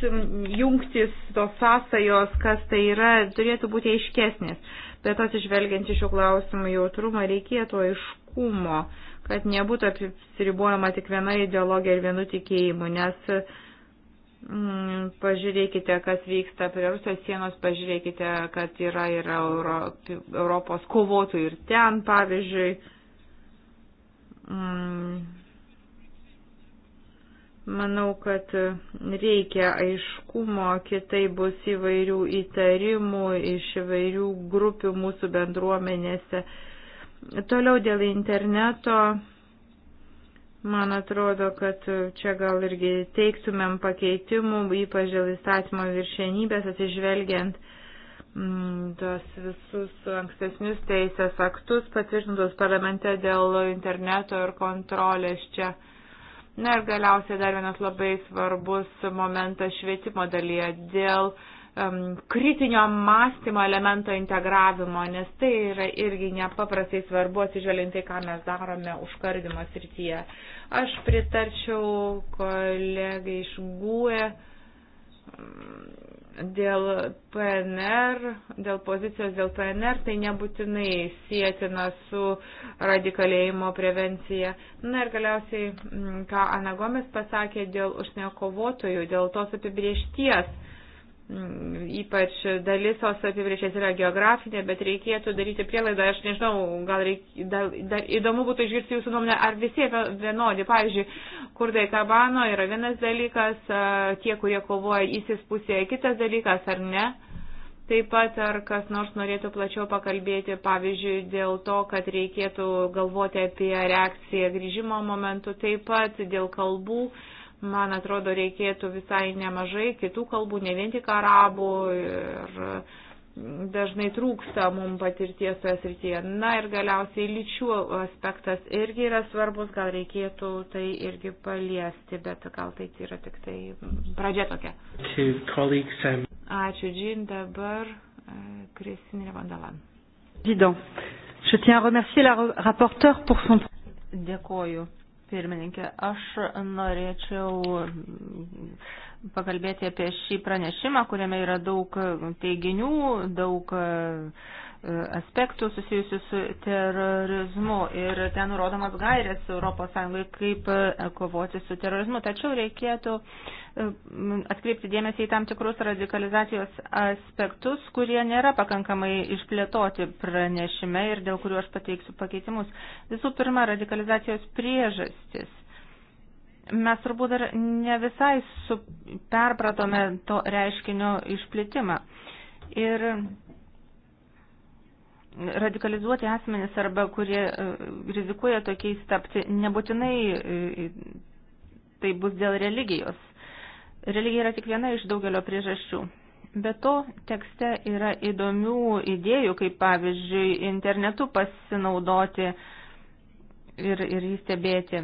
jungtis, tos sąsajos, kas tai yra, turėtų būti aiškesnės. Bet atsižvelgiant į šių klausimų jautrumą, reikėtų aiškumo, kad nebūtų apsiribuojama tik viena ideologija ir vienu tikėjimu, nes Mm, pažiūrėkite, kas vyksta prie Rusijos sienos, pažiūrėkite, kad yra ir Euro, Europos kovotojų ir ten, pavyzdžiui. Mm. Manau, kad reikia aiškumo, kitai bus įvairių įtarimų iš įvairių grupių mūsų bendruomenėse. Toliau dėl interneto Man atrodo, kad čia gal irgi teiktumėm pakeitimų, ypač dėl įstatymo viršienybės, atsižvelgiant mm, tos visus ankstesnius teisės aktus patvirtintus parlamente dėl interneto ir kontrolės čia. Na ir galiausiai dar vienas labai svarbus momentas švietimo dalyje dėl uh, um, kritinio mąstymo elemento integravimo, nes tai yra irgi nepaprastai svarbu atsižvelgiant tai, ką mes darome užkardimo srityje. Aš pritarčiau kolegai iš GUE dėl PNR, dėl pozicijos dėl PNR, tai nebūtinai sėtina su radikalėjimo prevencija. Na ir galiausiai, ką Anagomis pasakė dėl užsienio kovotojų, dėl tos apibriešties ypač dalis tos apibrėžės yra geografinė, bet reikėtų daryti prielaidą, aš nežinau, gal reik, dar, dar įdomu būtų išgirsti jūsų nuomonę, ar visi vienodi, pavyzdžiui, kurdai kabano yra vienas dalykas, tie, kurie kovoja įsis pusėje, kitas dalykas, ar ne? Taip pat, ar kas nors norėtų plačiau pakalbėti, pavyzdžiui, dėl to, kad reikėtų galvoti apie reakciją grįžimo momentu, taip pat dėl kalbų. Uh, man atrodo, reikėtų visai nemažai kitų kalbų, ne vien tik arabų ir mm, dažnai trūksta mums patirties toje srityje. Na ir galiausiai lyčių aspektas irgi yra svarbus, gal reikėtų tai irgi paliesti, bet gal tai yra tik tai pradžia tokia.
Um,
Ačiū, Džin, dabar e, Kristinė Vandalan. Didon. Je tiens à remercier la rapporteure pour son. Dėkoju pirmininkė.
Aš norėčiau pakalbėti apie šį pranešimą, kuriame yra daug teiginių, daug E, aspektų susijusių su terorizmu ir ten nurodomas gairės ES kaip e, kovoti su terorizmu. Tačiau reikėtų e, atkreipti dėmesį į tam tikrus radikalizacijos aspektus, kurie nėra pakankamai išplėtoti pranešime ir dėl kurių aš pateiksiu pakeitimus. Visų pirma, radikalizacijos priežastis mes turbūt dar ne visai su, perpratome to reiškinio išplitimą. Ir radikalizuoti asmenys arba kurie e, rizikuoja tokiais tapti, nebūtinai e, tai bus dėl religijos. Religija yra tik viena iš daugelio priežasčių. Be to, tekste yra įdomių idėjų, kaip pavyzdžiui, internetu pasinaudoti ir, ir jį stebėti.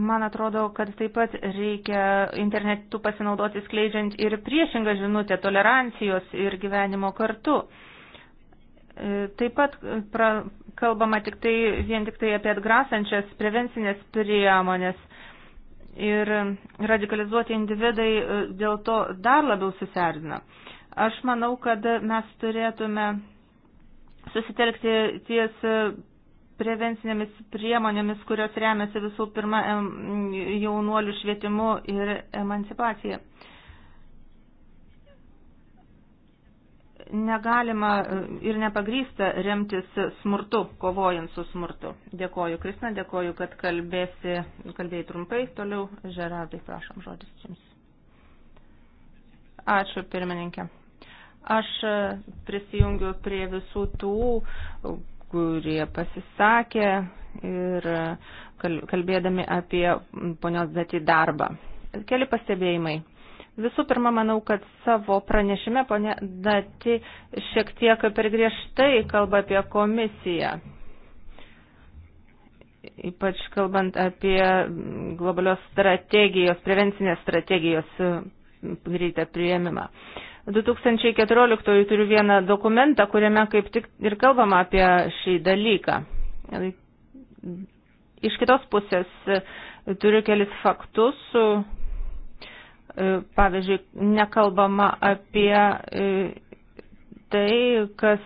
Man atrodo, kad taip pat reikia internetu pasinaudoti skleidžiant ir priešingą žinutę tolerancijos ir gyvenimo kartu. E, taip pat e, pra, kalbama tik tai, vien tik tai apie atgrasančias prevencinės priemonės ir radikalizuoti individai e, dėl to dar labiau suserdina. Aš manau, kad mes turėtume susitelkti ties prevencinėmis priemonėmis, kurios remiasi visų pirma jaunuolių švietimu ir emancipacija. Negalima e, ir nepagrysta remtis smurtu, kovojant su smurtu. Dėkoju, Kristina, dėkoju, kad kalbėsi, kalbėjai trumpai. Toliau, Žerardai, prašom, žodis jums. Ačiū, pirmininkė. Aš e, prisijungiu prie visų tų kurie pasisakė ir kalbėdami apie ponios Zati darbą. Keli pastebėjimai. Visų pirma, manau, kad savo pranešime ponė Dati šiek tiek per griežtai kalba apie komisiją. Ypač kalbant apie globalios strategijos, prevencinės strategijos greitą prieimimą. Uh, 2014 turiu vieną dokumentą, kuriame kaip tik ir kalbama apie šį dalyką. Iš kitos pusės e, turiu kelis faktus. E, pavyzdžiui, nekalbama apie e, tai, kas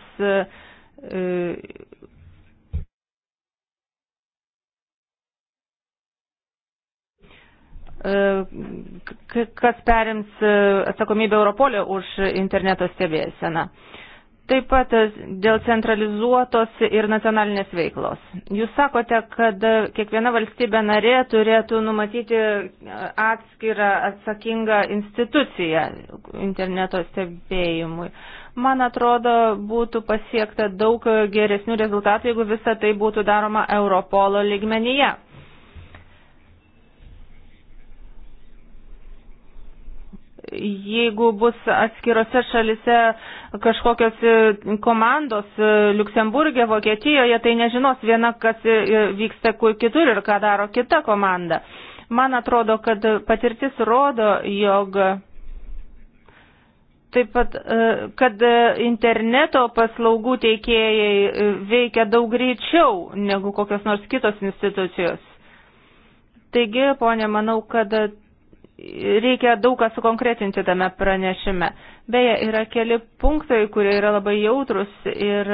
E, kas perims e, atsakomybę Europolė už interneto stebėseną. Taip pat e, dėl centralizuotos ir nacionalinės veiklos. Jūs sakote, kad kiekviena valstybė narė turėtų numatyti atskirą atsakingą instituciją interneto stebėjimui. Man atrodo, būtų pasiekta daug geresnių rezultatų, jeigu visa tai būtų daroma Europolo lygmenyje. jeigu bus atskirose šalise kažkokios e, komandos e, Luksemburgė, Vokietijoje, tai nežinos viena, kas e, vyksta kitur ir ką daro kita komanda. Man atrodo, kad patirtis rodo, jog taip pat, kad interneto paslaugų teikėjai veikia daug greičiau negu kokios nors kitos institucijos. Taigi, ponė, manau, kad reikia daug ką sukonkretinti tame pranešime. Beje, yra keli punktai, kurie yra labai jautrus ir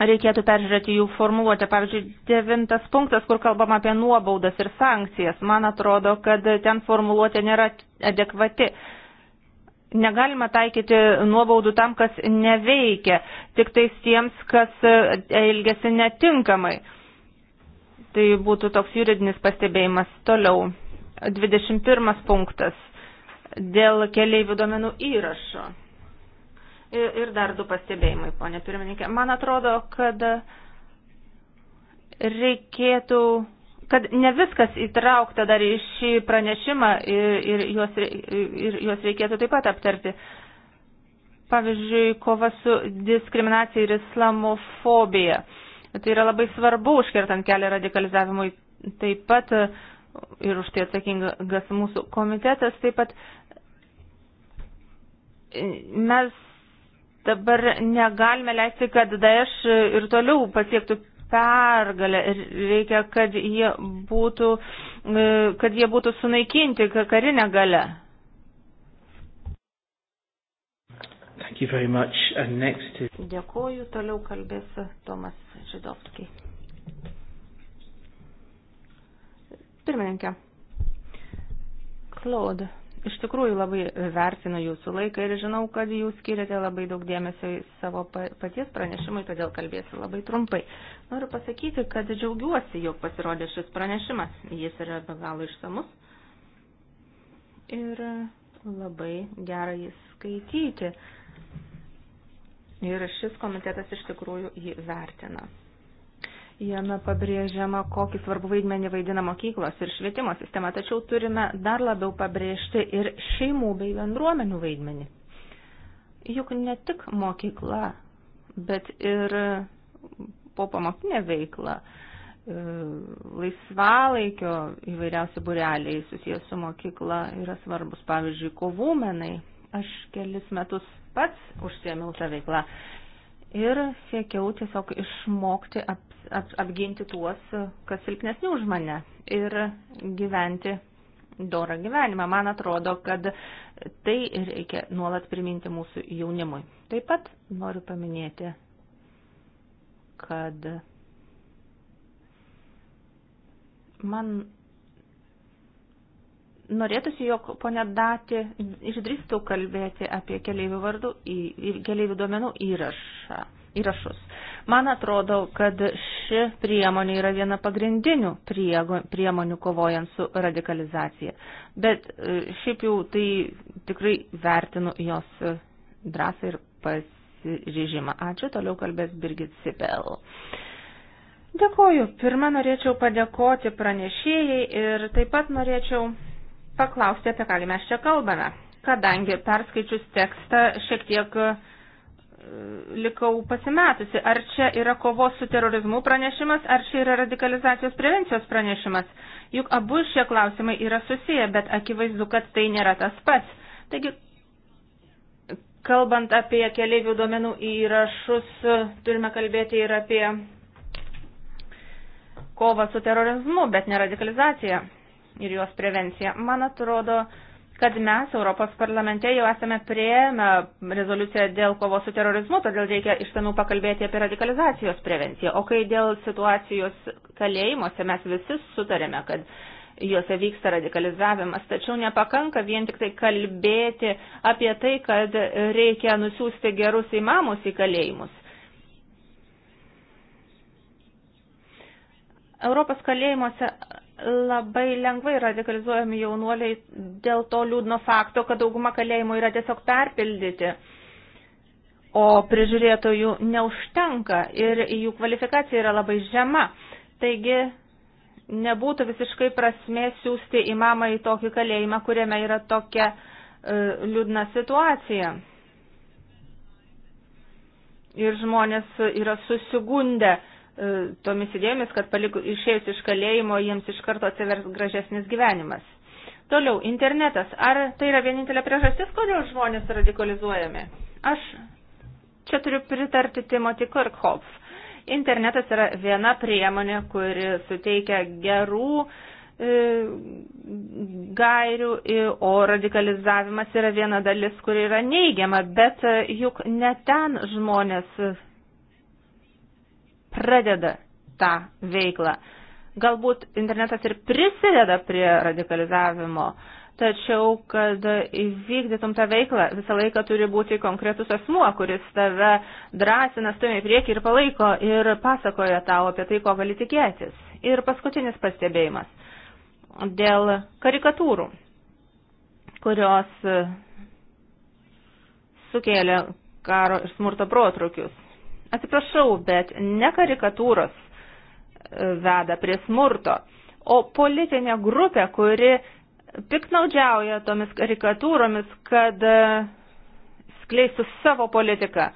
reikėtų peržiūrėti jų formuluotę. Pavyzdžiui, devintas punktas, kur kalbam apie nuobaudas ir sankcijas. Man atrodo, kad ten formuluotė nėra adekvati. Negalima taikyti nuobaudų tam, kas neveikia, tik tais tiems, kas elgesi netinkamai. Tai būtų toks juridinis pastebėjimas toliau. 21 punktas dėl keliaivių duomenų įrašo. Ir, ir dar du pastebėjimai, ponė pirmininkė. Man atrodo, kad reikėtų, kad ne viskas įtraukta dar į šį pranešimą ir, ir, juos, ir juos reikėtų taip pat aptarti. Pavyzdžiui, kova su diskriminacija ir islamofobija. Tai yra labai svarbu užkertant kelią radikalizavimui. Taip pat uh, ir už tai atsakingas mūsų komitetas. Taip pat e, mes dabar negalime leisti, kad Daesh ir toliau pasiektų pergalę. Reikia, kad jie būtų, e, kad jie būtų sunaikinti karinę galę.
Is...
Dėkuoju, toliau kalbės Tomas Židovskis. Pirmininkė. Claude, iš tikrųjų labai vertinu jūsų laiką ir žinau, kad jūs skiriate labai daug dėmesio į savo paties pranešimui, todėl kalbėsiu labai trumpai. Noriu pasakyti, kad džiaugiuosi, jog pasirodė šis pranešimas. Jis yra be galo išsamus ir labai gera jį skaityti. Ir šis komitetas iš tikrųjų jį vertina. Jame pabrėžiama, kokį svarbų vaidmenį vaidina mokyklos ir švietimo sistema, tačiau turime dar labiau pabrėžti ir šeimų bei bendruomenių vaidmenį. Juk ne tik mokykla, bet ir po pamokinė veikla, e, laisvalaikio įvairiausi bureliai susijęs su mokykla yra svarbus, pavyzdžiui, kovų menai. Aš kelis metus pats užsiemiau tą veiklą ir siekiau tiesiog išmokti ap, ap, apginti tuos, kas silpnesni už mane ir gyventi dorą gyvenimą. Man atrodo, kad tai reikia nuolat priminti mūsų jaunimui. Taip pat noriu paminėti, kad man Norėtųsi, jog ponia Dati išdrįstų kalbėti apie keliaivių, vardų, keliaivių duomenų įrašą, įrašus. Man atrodo, kad ši priemonė yra viena pagrindinių priego, priemonių kovojant su radikalizacija. Bet e, šiaip jau tai tikrai vertinu jos drąsą ir pasiryžimą. Ačiū, toliau kalbės Birgit Sibel. Dėkoju. Pirmą norėčiau padėkoti pranešėjai ir taip pat norėčiau paklausti, apie ką mes čia kalbame. Kadangi perskaičius tekstą šiek tiek e, likau pasimetusi, ar čia yra kovos su terorizmu pranešimas, ar čia yra radikalizacijos prevencijos pranešimas. Juk abu šie klausimai yra susiję, bet akivaizdu, kad tai nėra tas pats. Taigi, kalbant apie keliaivių duomenų įrašus, turime kalbėti ir apie kovą su terorizmu, bet ne radikalizaciją ir jos prevenciją. Man atrodo, kad mes Europos parlamente jau esame prieėmę rezoliuciją dėl kovos su terorizmu, todėl reikia išsamiau pakalbėti apie radikalizacijos prevenciją. O kai dėl situacijos kalėjimuose mes visi sutarėme, kad juose vyksta radikalizavimas, tačiau nepakanka vien tik tai kalbėti apie tai, kad reikia nusiųsti gerus įmamus į kalėjimus. Europos kalėjimuose labai lengvai radikalizuojami jaunuoliai dėl to liūdno fakto, kad dauguma kalėjimų yra tiesiog perpildyti, o prižiūrėtojų neužtenka ir jų kvalifikacija yra labai žema. Taigi nebūtų visiškai prasmės siūsti įmamą į tokį kalėjimą, kuriame yra tokia uh, liūdna situacija. Ir žmonės yra susigundę E, tomis idėjomis, kad paliku, išėjus iš kalėjimo jiems iš karto atsivers gražesnis gyvenimas. Toliau, internetas. Ar tai yra vienintelė priežastis, kodėl žmonės radikalizuojami? Aš čia turiu pritarti Timothy Kirkhoff. Internetas yra viena priemonė, kuri suteikia gerų e, gairių, o radikalizavimas yra viena dalis, kuri yra neigiama, bet e, juk ne ten žmonės pradeda tą veiklą. Galbūt internetas ir prisideda prie radikalizavimo, tačiau, kad įvykdytum tą veiklą, visą laiką turi būti konkretus asmuo, kuris tave drąsina, stumia į priekį ir palaiko ir pasakoja tau apie tai, ko gali tikėtis. Ir paskutinis pastebėjimas dėl karikatūrų, kurios sukėlė karo ir smurto protrukius atsiprašau, bet ne karikatūros e, veda prie smurto, o politinė grupė, kuri piknaudžiauja tomis karikatūromis, kad e, skleistų savo politiką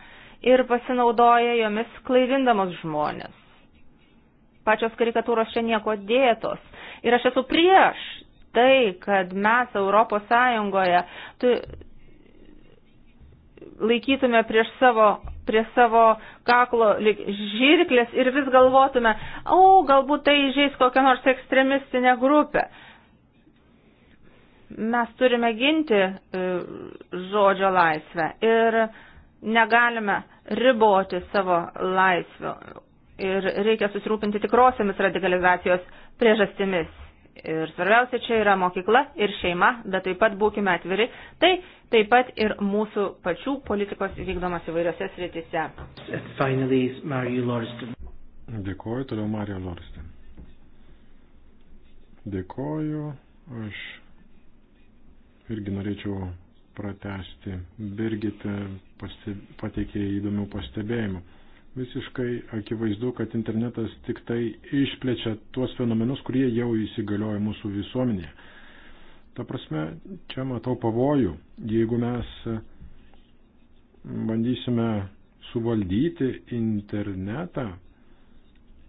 ir pasinaudoja jomis klaidindamos žmonės. Pačios karikatūros čia nieko dėtos. Ir aš esu prieš tai, kad mes Europos Sąjungoje tu, laikytume prieš savo prie savo kaklo žirklės ir vis galvotume, o galbūt tai žais kokią nors ekstremistinę grupę. Mes turime ginti e, žodžio laisvę ir negalime riboti savo laisvių. Ir reikia susirūpinti tikrosiamis radikalizacijos priežastimis. Ir svarbiausia čia yra mokykla ir šeima, bet taip pat būkime atviri. Tai taip pat ir mūsų pačių politikos vykdomas įvairiose sritise.
Dėkuoju, toliau Mario Loristin. Dėkuoju, aš irgi norėčiau pratesti. Birgit pateikė įdomių pastebėjimų. Visiškai akivaizdu, kad internetas tik tai išplečia tuos fenomenus, kurie jau įsigalioja mūsų visuomenėje. Ta prasme, čia matau pavojų, jeigu mes bandysime suvaldyti internetą,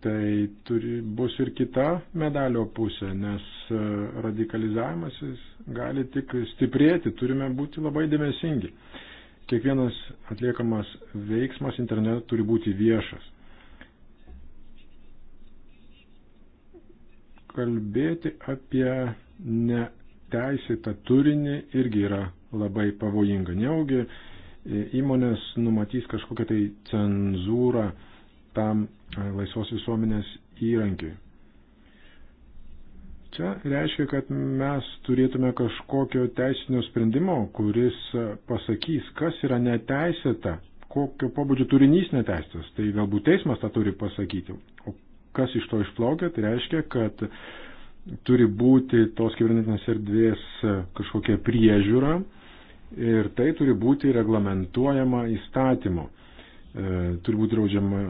tai turi, bus ir kita medalio pusė, nes e, radikalizavimasis gali tik stiprėti, turime būti labai dėmesingi. Kiekvienas atliekamas veiksmas internetu turi būti viešas. Kalbėti apie neteisėtą turinį irgi yra labai pavojinga. Neaugi e, įmonės numatys kažkokią tai cenzūrą tam e, laisvos visuomenės įrankiui. Čia reiškia, kad mes turėtume kažkokio teisinio sprendimo, kuris pasakys, kas yra neteisėta, kokio pobūdžio turinys neteisėtas. Tai galbūt teismas tą turi pasakyti. O kas iš to išplaukia, tai reiškia, kad turi būti tos kibernetinės erdvės kažkokia priežiūra ir tai turi būti reglamentuojama įstatymu. E, turi būti draudžiama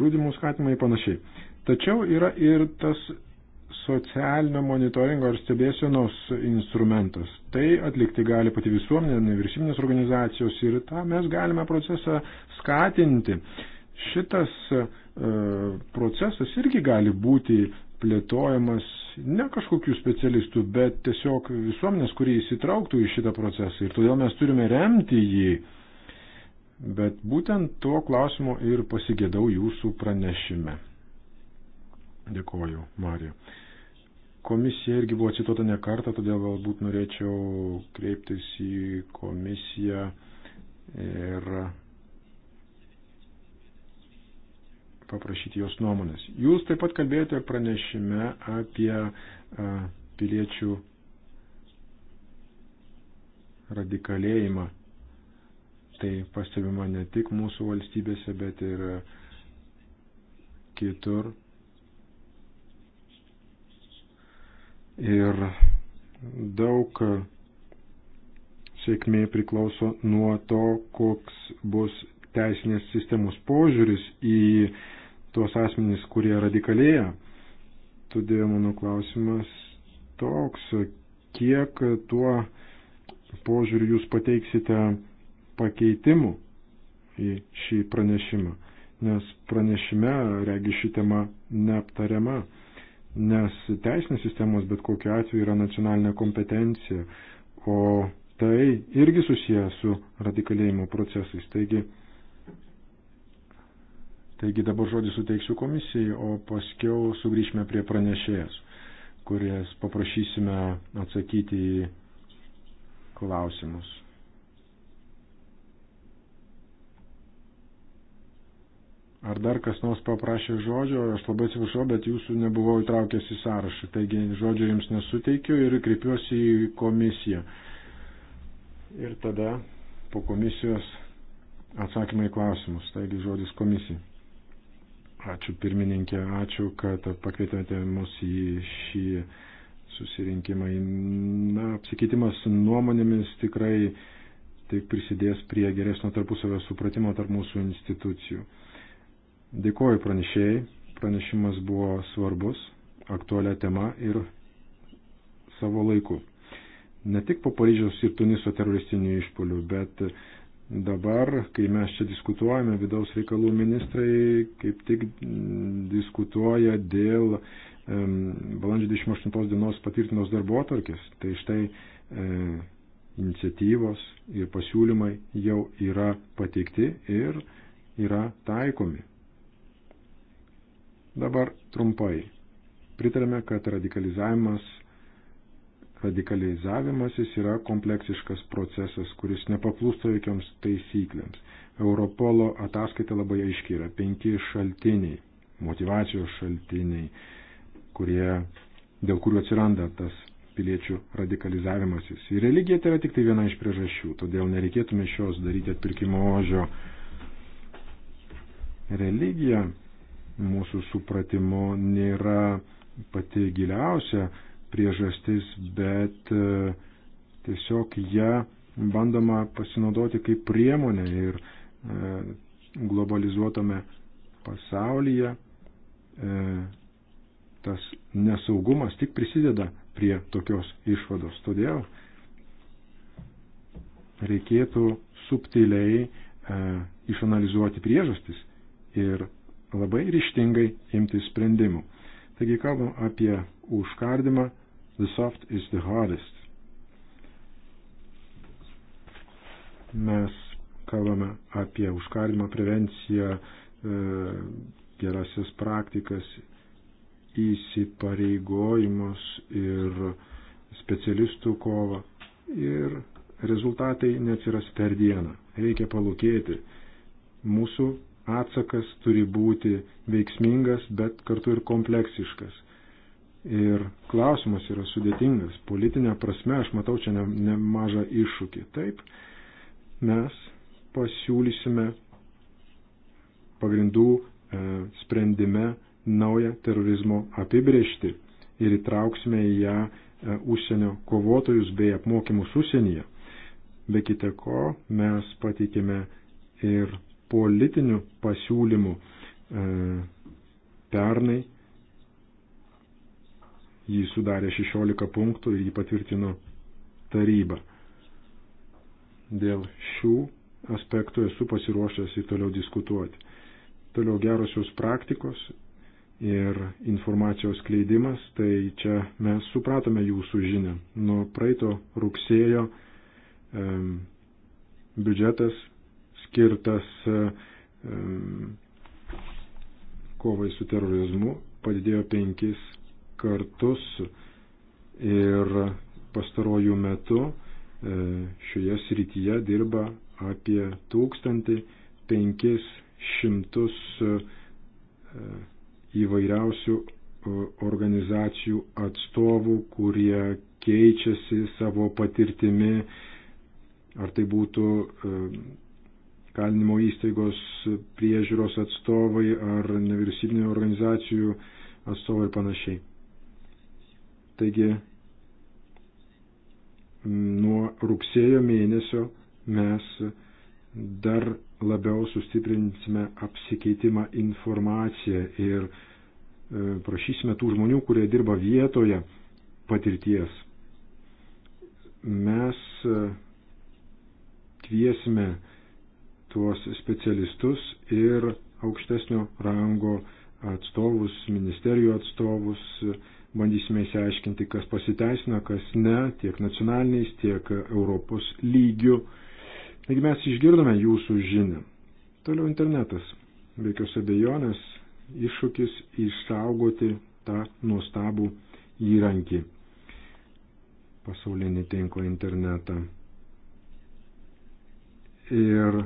žudimų skatimai ir panašiai. Tačiau yra ir tas socialinio monitoringo ar stebėsienos instrumentas. Tai atlikti gali pati visuomenė, nevyriausybinės organizacijos ir tą mes galime procesą skatinti. Šitas e, procesas irgi gali būti plėtojamas ne kažkokių specialistų, bet tiesiog visuomenės, kurie įsitrauktų į šitą procesą ir todėl mes turime remti jį. Bet būtent tuo klausimu ir pasigėdau jūsų pranešime. Dėkoju, Marija. Komisija irgi buvo cituota ne kartą, todėl galbūt norėčiau kreiptis į komisiją ir paprašyti jos nuomonės. Jūs taip pat kalbėjote pranešime apie piliečių radikalėjimą. Tai pastebima ne tik mūsų valstybėse, bet ir kitur ir daug sėkmė priklauso nuo to, koks bus teisinės sistemos požiūris į tuos asmenys, kurie radikalėja. Todėl mano klausimas toks, kiek tuo požiūriu jūs pateiksite pakeitimų į šį pranešimą, nes pranešime regi ši tema neaptariama nes teisinės sistemos bet kokiu atveju yra nacionalinė kompetencija, o tai irgi susiję su radikalėjimo procesais. Taigi, taigi dabar žodį suteiksiu komisijai, o paskiau sugrįšime prie pranešėjas, kurias paprašysime atsakyti į klausimus. Ar dar kas nors paprašė žodžio, aš labai atsiprašau, bet jūsų nebuvau įtraukęs į sąrašą, taigi žodžio jums nesuteikiu ir kreipiuosi į komisiją. Ir tada po komisijos atsakymai į klausimus, taigi žodis komisijai. Ačiū pirmininkė, ačiū, kad pakvietėte mus į šį susirinkimą. Na, apsikeitimas nuomonėmis tikrai tik prisidės prie geresnio tarpusavio supratimo tarp mūsų institucijų. Dėkoju pranešėjai, pranešimas buvo svarbus, aktualia tema ir savo laiku. Ne tik po Paryžiaus ir Tuniso teroristinių išpolių, bet dabar, kai mes čia diskutuojame, vidaus reikalų ministrai kaip tik diskutuoja dėl balandžio 28 dienos patvirtinos darbo atvarkės. Tai štai e, iniciatyvos ir pasiūlymai jau yra pateikti ir yra taikomi. Dabar trumpai. Pritarėme, kad radikalizavimas, radikalizavimasis yra kompleksiškas procesas, kuris nepaklūsta jokioms taisyklėms. Europolo ataskaita labai aiški yra penki šaltiniai, motivacijos šaltiniai, kurie, dėl kurių atsiranda tas piliečių radikalizavimasis. Ir religija tai yra tik tai viena iš priežasčių, todėl nereikėtume šios daryti atpirkimo ožio. Religija mūsų supratimu nėra pati giliausia priežastis, bet e, tiesiog ją bandoma pasinaudoti kaip priemonė ir e, globalizuotame pasaulyje e, tas nesaugumas tik prisideda prie tokios išvados. Todėl reikėtų subtiliai e, išanalizuoti priežastis ir labai ryštingai imti sprendimų. Taigi kalbam apie užkardimą The soft is the hardest. Mes kalbame apie užkardimą prevenciją, e, gerasias praktikas, įsipareigojimus ir specialistų kovą. Ir rezultatai neatsiras per dieną. Reikia palūkėti. Mūsų atsakas turi būti veiksmingas, bet kartu ir kompleksiškas. Ir klausimas yra sudėtingas. Politinė prasme aš matau čia nemažą ne iššūkį. Taip, mes pasiūlysime pagrindų e, sprendime naują terorizmo apibriežtį ir įtrauksime į ją e, užsienio kovotojus bei apmokymus užsienyje. Be kita ko, mes pateikėme ir politinių pasiūlymų e, pernai. Jį sudarė 16 punktų ir jį patvirtino taryba. Dėl šių aspektų esu pasiruošęs ir toliau diskutuoti. Toliau gerosios praktikos ir informacijos kleidimas, tai čia mes supratome jūsų žinę. Nuo praeito rugsėjo um, biudžetas skirtas e, e, kovai su terorizmu padidėjo penkis kartus ir pastarojų metų e, šioje srityje dirba apie 1500 įvairiausių organizacijų atstovų, kurie keičiasi savo patirtimi, ar tai būtų kalinimo įstaigos priežiūros atstovai ar nevyriausybinio organizacijų atstovai ir panašiai. Taigi nuo rugsėjo mėnesio mes dar labiau sustiprinsime apsikeitimą informaciją ir e, prašysime tų žmonių, kurie dirba vietoje, patirties. Mes e, kviesime tuos specialistus ir aukštesnio rango atstovus, ministerijų atstovus, bandysime įsiaiškinti, kas pasiteisina, kas ne, tiek nacionaliniais, tiek Europos lygių. Taigi mes išgirdome jūsų žinią. Toliau internetas. Be jokios abejonės iššūkis išsaugoti tą nuostabų įrankį pasaulinį tinklą internetą. Ir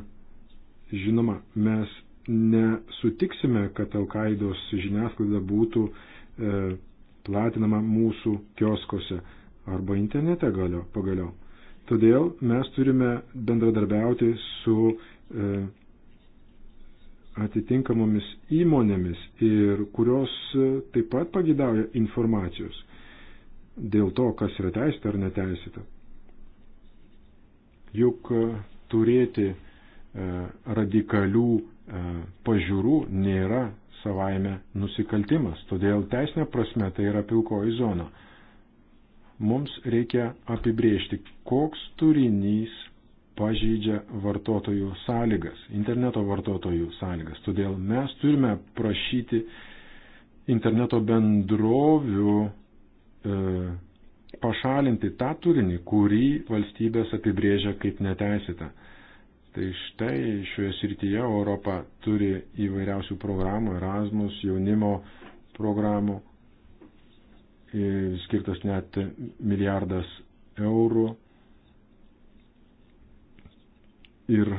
Žinoma, mes nesutiksime, kad Alkaidos žiniasklaida būtų e, platinama mūsų kioskose arba internete galio, pagaliau. Todėl mes turime bendradarbiauti su e, atitinkamomis įmonėmis ir kurios e, taip pat pagidauja informacijos dėl to, kas yra teisėta ar neteisėta. Juk e, turėti E, radikalių e, pažiūrų nėra savaime nusikaltimas. Todėl teisinė prasme tai yra pilkoji zona. Mums reikia apibriežti, koks turinys pažydžia vartotojų sąlygas, interneto vartotojų sąlygas. Todėl mes turime prašyti interneto bendrovių e, pašalinti tą turinį, kurį valstybės apibrėžia kaip neteisėtą. Tai štai šioje srityje Europa turi įvairiausių programų, Erasmus, jaunimo programų, skirtas net milijardas eurų. Ir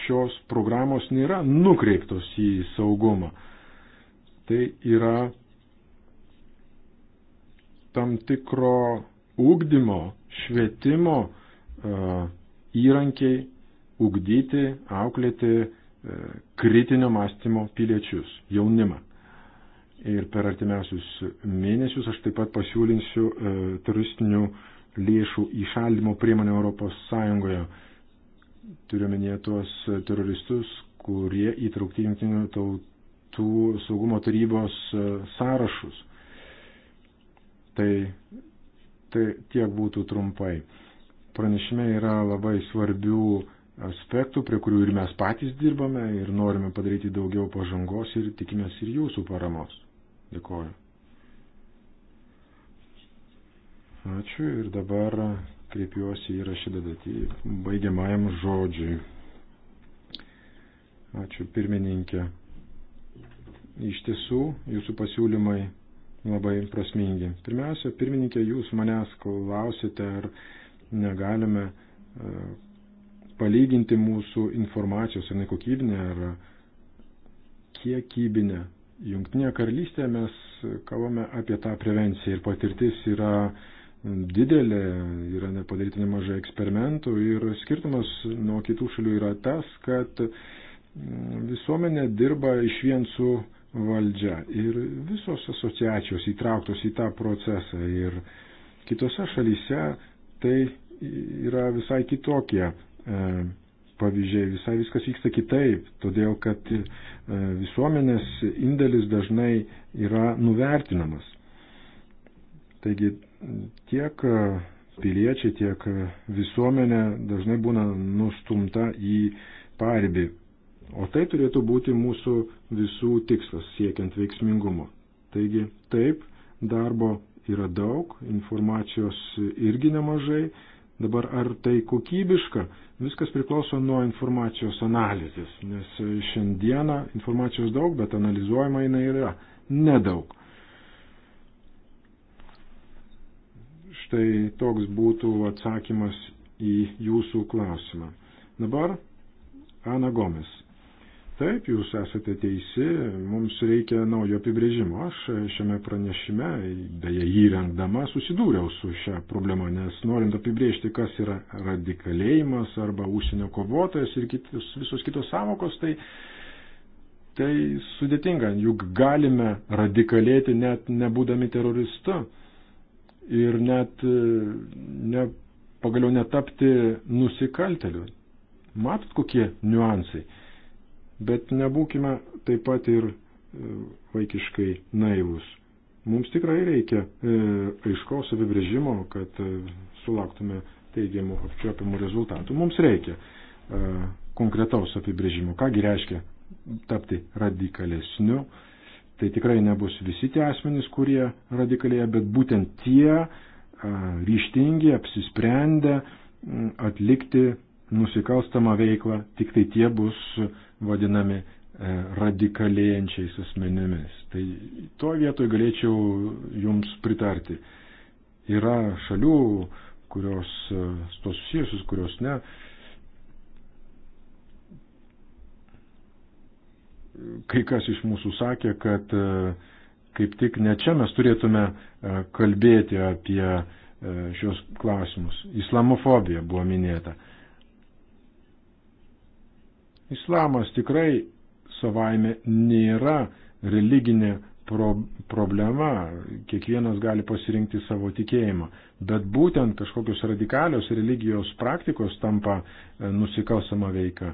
šios programos nėra nukreiptos į saugumą. Tai yra tam tikro ūkdymo, švietimo įrankiai, ugdyti, auklėti e, kritinio mąstymo piliečius, jaunimą. Ir per artimiausius mėnesius aš taip pat pasiūlinsiu e, turistinių lėšų įšaldimo priemonę Europos Sąjungoje. Turiuomenėje tuos teroristus, kurie įtraukti jungtinių tautų saugumo tarybos e, sąrašus. Tai, tai tiek būtų trumpai. Pranešime yra labai svarbių aspektų, prie kurių ir mes patys dirbame ir norime padaryti daugiau pažangos ir tikimės ir jūsų paramos. Dėkoju. Ačiū ir dabar kreipiuosi į rašydadatį baigiamajam žodžiui. Ačiū pirmininkė. Iš tiesų, jūsų pasiūlymai labai prasmingi. Pirmiausia, pirmininkė, jūs manęs klausite, ar negalime palyginti mūsų informacijos ar nekokybinę ar kiekybinę. Jungtinėje karalystėje mes kalbame apie tą prevenciją ir patirtis yra didelė, yra nepadaryta nemažai eksperimentų ir skirtumas nuo kitų šalių yra tas, kad visuomenė dirba iš vien su valdžia ir visos asociacijos įtrauktos į tą procesą ir kitose šalyse tai yra visai kitokie E, pavyzdžiai, visai viskas vyksta kitaip, todėl kad e, visuomenės indėlis dažnai yra nuvertinamas. Taigi tiek e, piliečiai, tiek visuomenė dažnai būna nustumta į paribį. O tai turėtų būti mūsų visų tikslas siekiant veiksmingumo. Taigi taip, darbo yra daug, informacijos irgi nemažai, Dabar ar tai kokybiška, viskas priklauso nuo informacijos analizės, nes šiandieną informacijos daug, bet analizuojama jinai yra nedaug. Štai toks būtų atsakymas į jūsų klausimą. Dabar Ana Gomes. Taip, jūs esate teisi, mums reikia naujo apibrėžimo. Aš šiame pranešime, beje, jį rengdama, susidūriau su šią problemą, nes norint apibrėžti, kas yra radikalėjimas arba užsienio kovotojas ir kitos, visos kitos savokos, tai, tai sudėtinga, juk galime radikalėti net nebūdami teroristu ir net ne, pagaliau netapti nusikalteliu. Matot, kokie niuansai. Bet nebūkime taip pat ir e, vaikiškai naivus. Mums tikrai reikia e, aiškaus apibrėžimo, kad e, sulauktume teigiamų apčiopimų rezultatų. Mums reikia konkretaus apibrėžimo, kągi reiškia tapti radikalesniu. Tai tikrai nebus visi tie asmenys, kurie radikalėja, bet būtent tie ryštingi, apsisprendę atlikti nusikalstamą veiklą, tik tai tie bus vadinami e, radikalėjančiais asmenėmis. Tai to vietoj galėčiau jums pritarti. Yra šalių, kurios e, to susijusius, kurios ne. Kai kas iš mūsų sakė, kad e, kaip tik ne čia mes turėtume kalbėti apie šios klausimus. Islamofobija buvo minėta. Islamas tikrai savaime nėra religinė pro problema, kiekvienas gali pasirinkti savo tikėjimą, bet būtent kažkokios radikalios religijos praktikos tampa e, nusikalsama veika.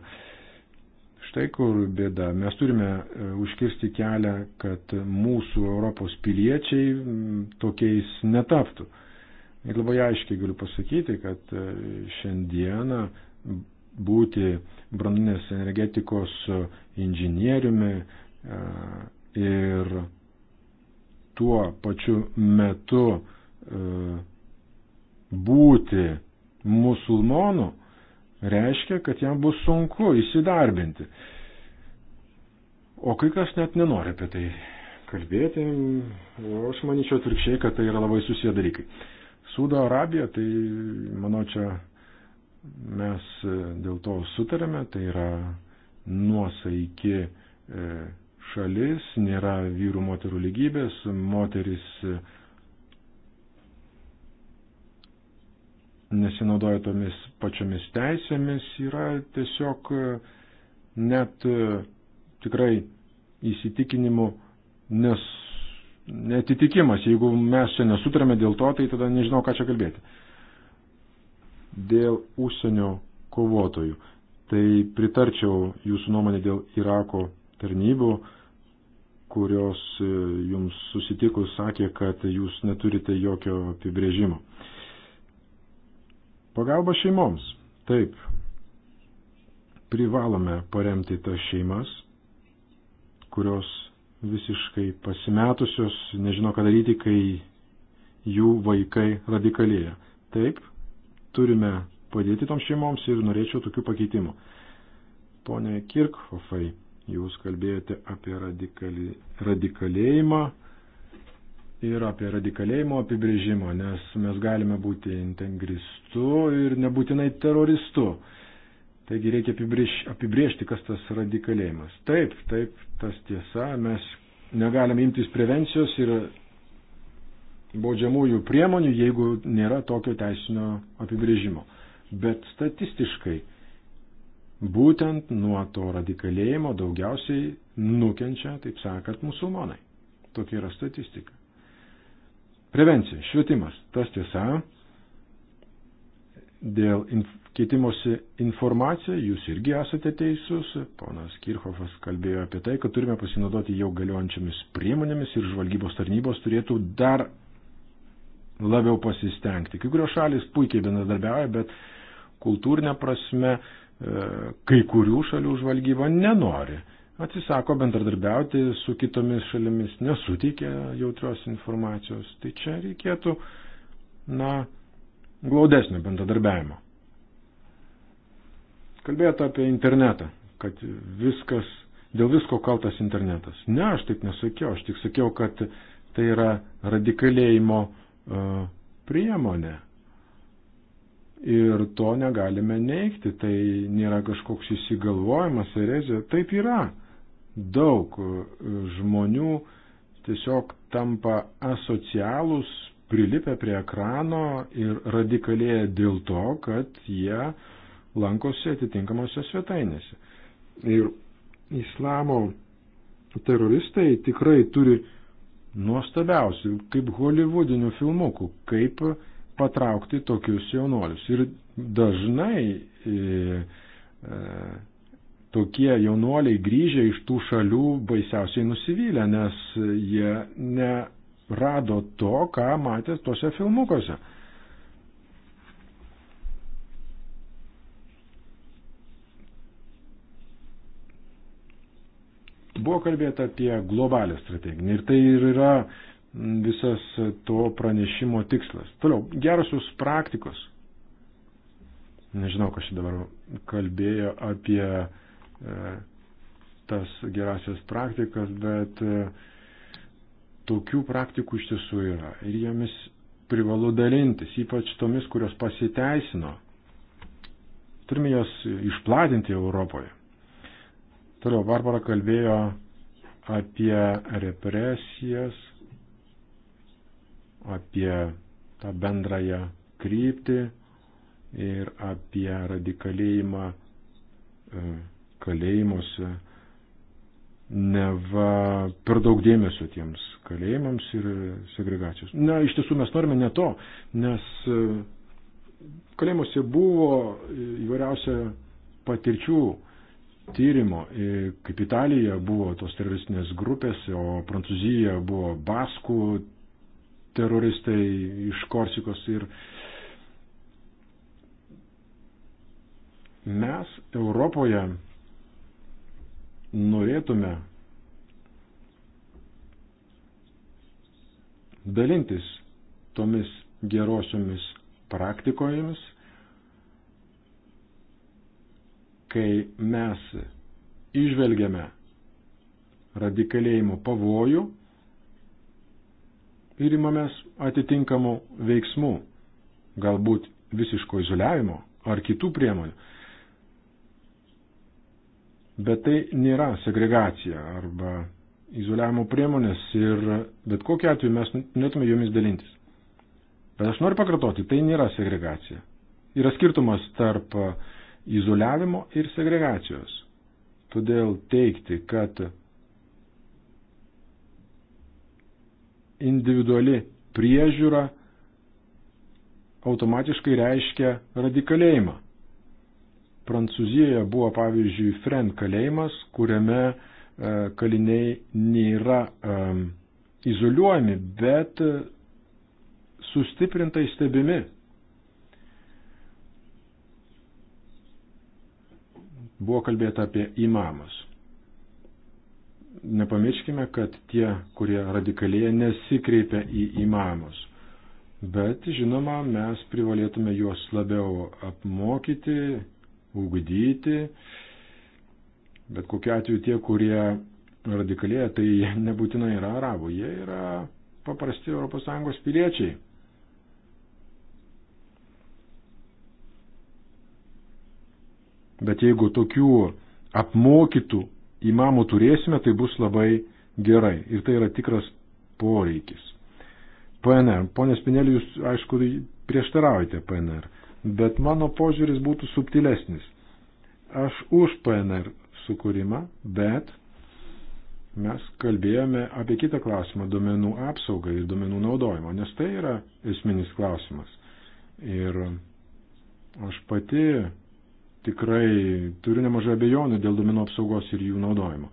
Štai kur bėda. Mes turime e, užkirsti kelią, kad mūsų Europos piliečiai tokiais netaptų. Ir labai aiškiai galiu pasakyti, kad e, šiandieną būti branduolinės energetikos inžinieriumi e, ir tuo pačiu metu e, būti musulmonu, reiškia, kad jam bus sunku įsidarbinti. O kai kas net nenori apie tai kalbėti, o aš manyčiau atvirkščiai, kad tai yra labai susiję dalykai. Saudo Arabija, tai manau, čia Mes e, dėl to sutarėme, tai yra nuosaiki e, šalis, nėra vyrų moterų lygybės, moteris e, nesinaudoja tomis pačiomis teisėmis, yra tiesiog net tikrai įsitikinimu nes, netitikimas. Jeigu mes čia nesutarėme dėl to, tai tada nežinau, ką čia kalbėti dėl užsienio kovotojų. Tai pritarčiau jūsų nuomonė dėl Irako tarnybų, kurios e, jums susitikus sakė, kad jūs neturite jokio apibrėžimo. Pagalba šeimoms. Taip. Privalome paremti tas šeimas, kurios visiškai pasimetusios, nežino ką daryti, kai jų vaikai radikalėja. Taip, turime padėti toms šeimoms ir norėčiau tokių pakeitimų. Pone Kirkhofai, jūs kalbėjote apie radikali, radikalėjimą ir apie radikalėjimo apibrėžimą, nes mes galime būti integristu ir nebūtinai teroristu. Taigi reikia apibrėž, apibrėžti, kas tas radikalėjimas. Taip, taip, tas tiesa, mes negalime imtis prevencijos ir baudžiamųjų priemonių, jeigu nėra tokio teisinio apibrėžimo. Bet statistiškai būtent nuo to radikalėjimo daugiausiai nukenčia, taip sakant, musulmonai. Tokia yra statistika. Prevencija, švietimas, tas tiesa, dėl inf keitimosi informacija, jūs irgi esate teisus, ponas Kirchhoffas kalbėjo apie tai, kad turime pasinaudoti jau galiojančiamis priemonėmis ir žvalgybos tarnybos turėtų dar labiau pasistengti. Kai kurios šalis puikiai bendradarbiauja, bet kultūrinė prasme e, kai kurių šalių žvalgyba nenori. Atsisako bendradarbiauti su kitomis šalimis, nesuteikia jautrios informacijos. Tai čia reikėtų, na, glaudesnio bendradarbiavimo. Kalbėjote apie internetą, kad viskas, dėl visko kaltas internetas. Ne, aš taip nesakiau, aš tik sakiau, kad tai yra radikalėjimo uh, E, priemonė. Ir to negalime neikti, tai nėra kažkoks įsigalvojimas, erezija, taip yra. Daug e, žmonių tiesiog tampa asocialūs, prilipę prie ekrano ir radikalėja dėl to, kad jie lankosi atitinkamose svetainėse. Ir islamo teroristai tikrai turi nuostabiausių, kaip holivudinių filmukų, kaip patraukti tokius jaunolius. Ir dažnai e, e, tokie jaunoliai grįžę iš tų šalių baisiausiai nusivylę, nes jie nerado to, ką matė tuose filmukuose. Buvo kalbėta apie globalę strategiją ir tai ir yra visas to pranešimo tikslas. Toliau, gerosios praktikos. Nežinau, kas čia dabar kalbėjo apie e, tas gerasias praktikas, bet e, tokių praktikų iš tiesų yra ir jomis privalu dalintis, ypač tomis, kurios pasiteisino. Turime jas išplatinti Europoje. Toliau Barbara kalbėjo apie represijas, apie tą bendrąją kryptį ir apie radikalėjimą e, kalėjimuose. Neva per daug dėmesio tiems kalėjimams ir segregacijos. Na, iš tiesų mes norime ne to, nes e, kalėjimuose buvo įvairiausia patirčių tyrimo, e, kaip Italija buvo tos teroristinės grupės, o Prancūzija buvo baskų teroristai iš Korsikos ir mes Europoje norėtume dalintis tomis gerosiomis praktikojomis kai mes išvelgiame radikalėjimo pavojų ir imamės atitinkamų veiksmų, galbūt visiško izoliavimo ar kitų priemonių. Bet tai nėra segregacija arba izoliavimo priemonės ir bet kokiu atveju mes netume jomis dalintis. Bet aš noriu pakartoti, tai nėra segregacija. Yra skirtumas tarp uh, izoliavimo ir segregacijos. Todėl teikti, kad individuali priežiūra automatiškai reiškia radikalėjimą. Prancūzijoje buvo pavyzdžiui Fren kalėjimas, kuriame e, kaliniai nėra um, izoliuojami, bet sustiprintai stebimi Buvo kalbėta apie imamus. Nepamirškime, kad tie, kurie radikalėja, nesikreipia į imamus. Bet, žinoma, mes privalėtume juos labiau apmokyti, ugdyti. Bet kokiu atveju tie, kurie radikalėja, tai nebūtinai yra arabų, jie yra paprasti ES piliečiai. Bet jeigu tokių apmokytų imamų turėsime, tai bus labai gerai. Ir tai yra tikras poreikis. PNR. Pone Spinelį, jūs, aišku, prieštaraujate PNR. Bet mano požiūris būtų subtilesnis. Aš už PNR sukūrimą, bet mes kalbėjome apie kitą klausimą - duomenų apsaugą ir duomenų naudojimą, nes tai yra esminis klausimas. Ir aš pati tikrai turiu nemažai abejonių dėl duomenų apsaugos ir jų naudojimo.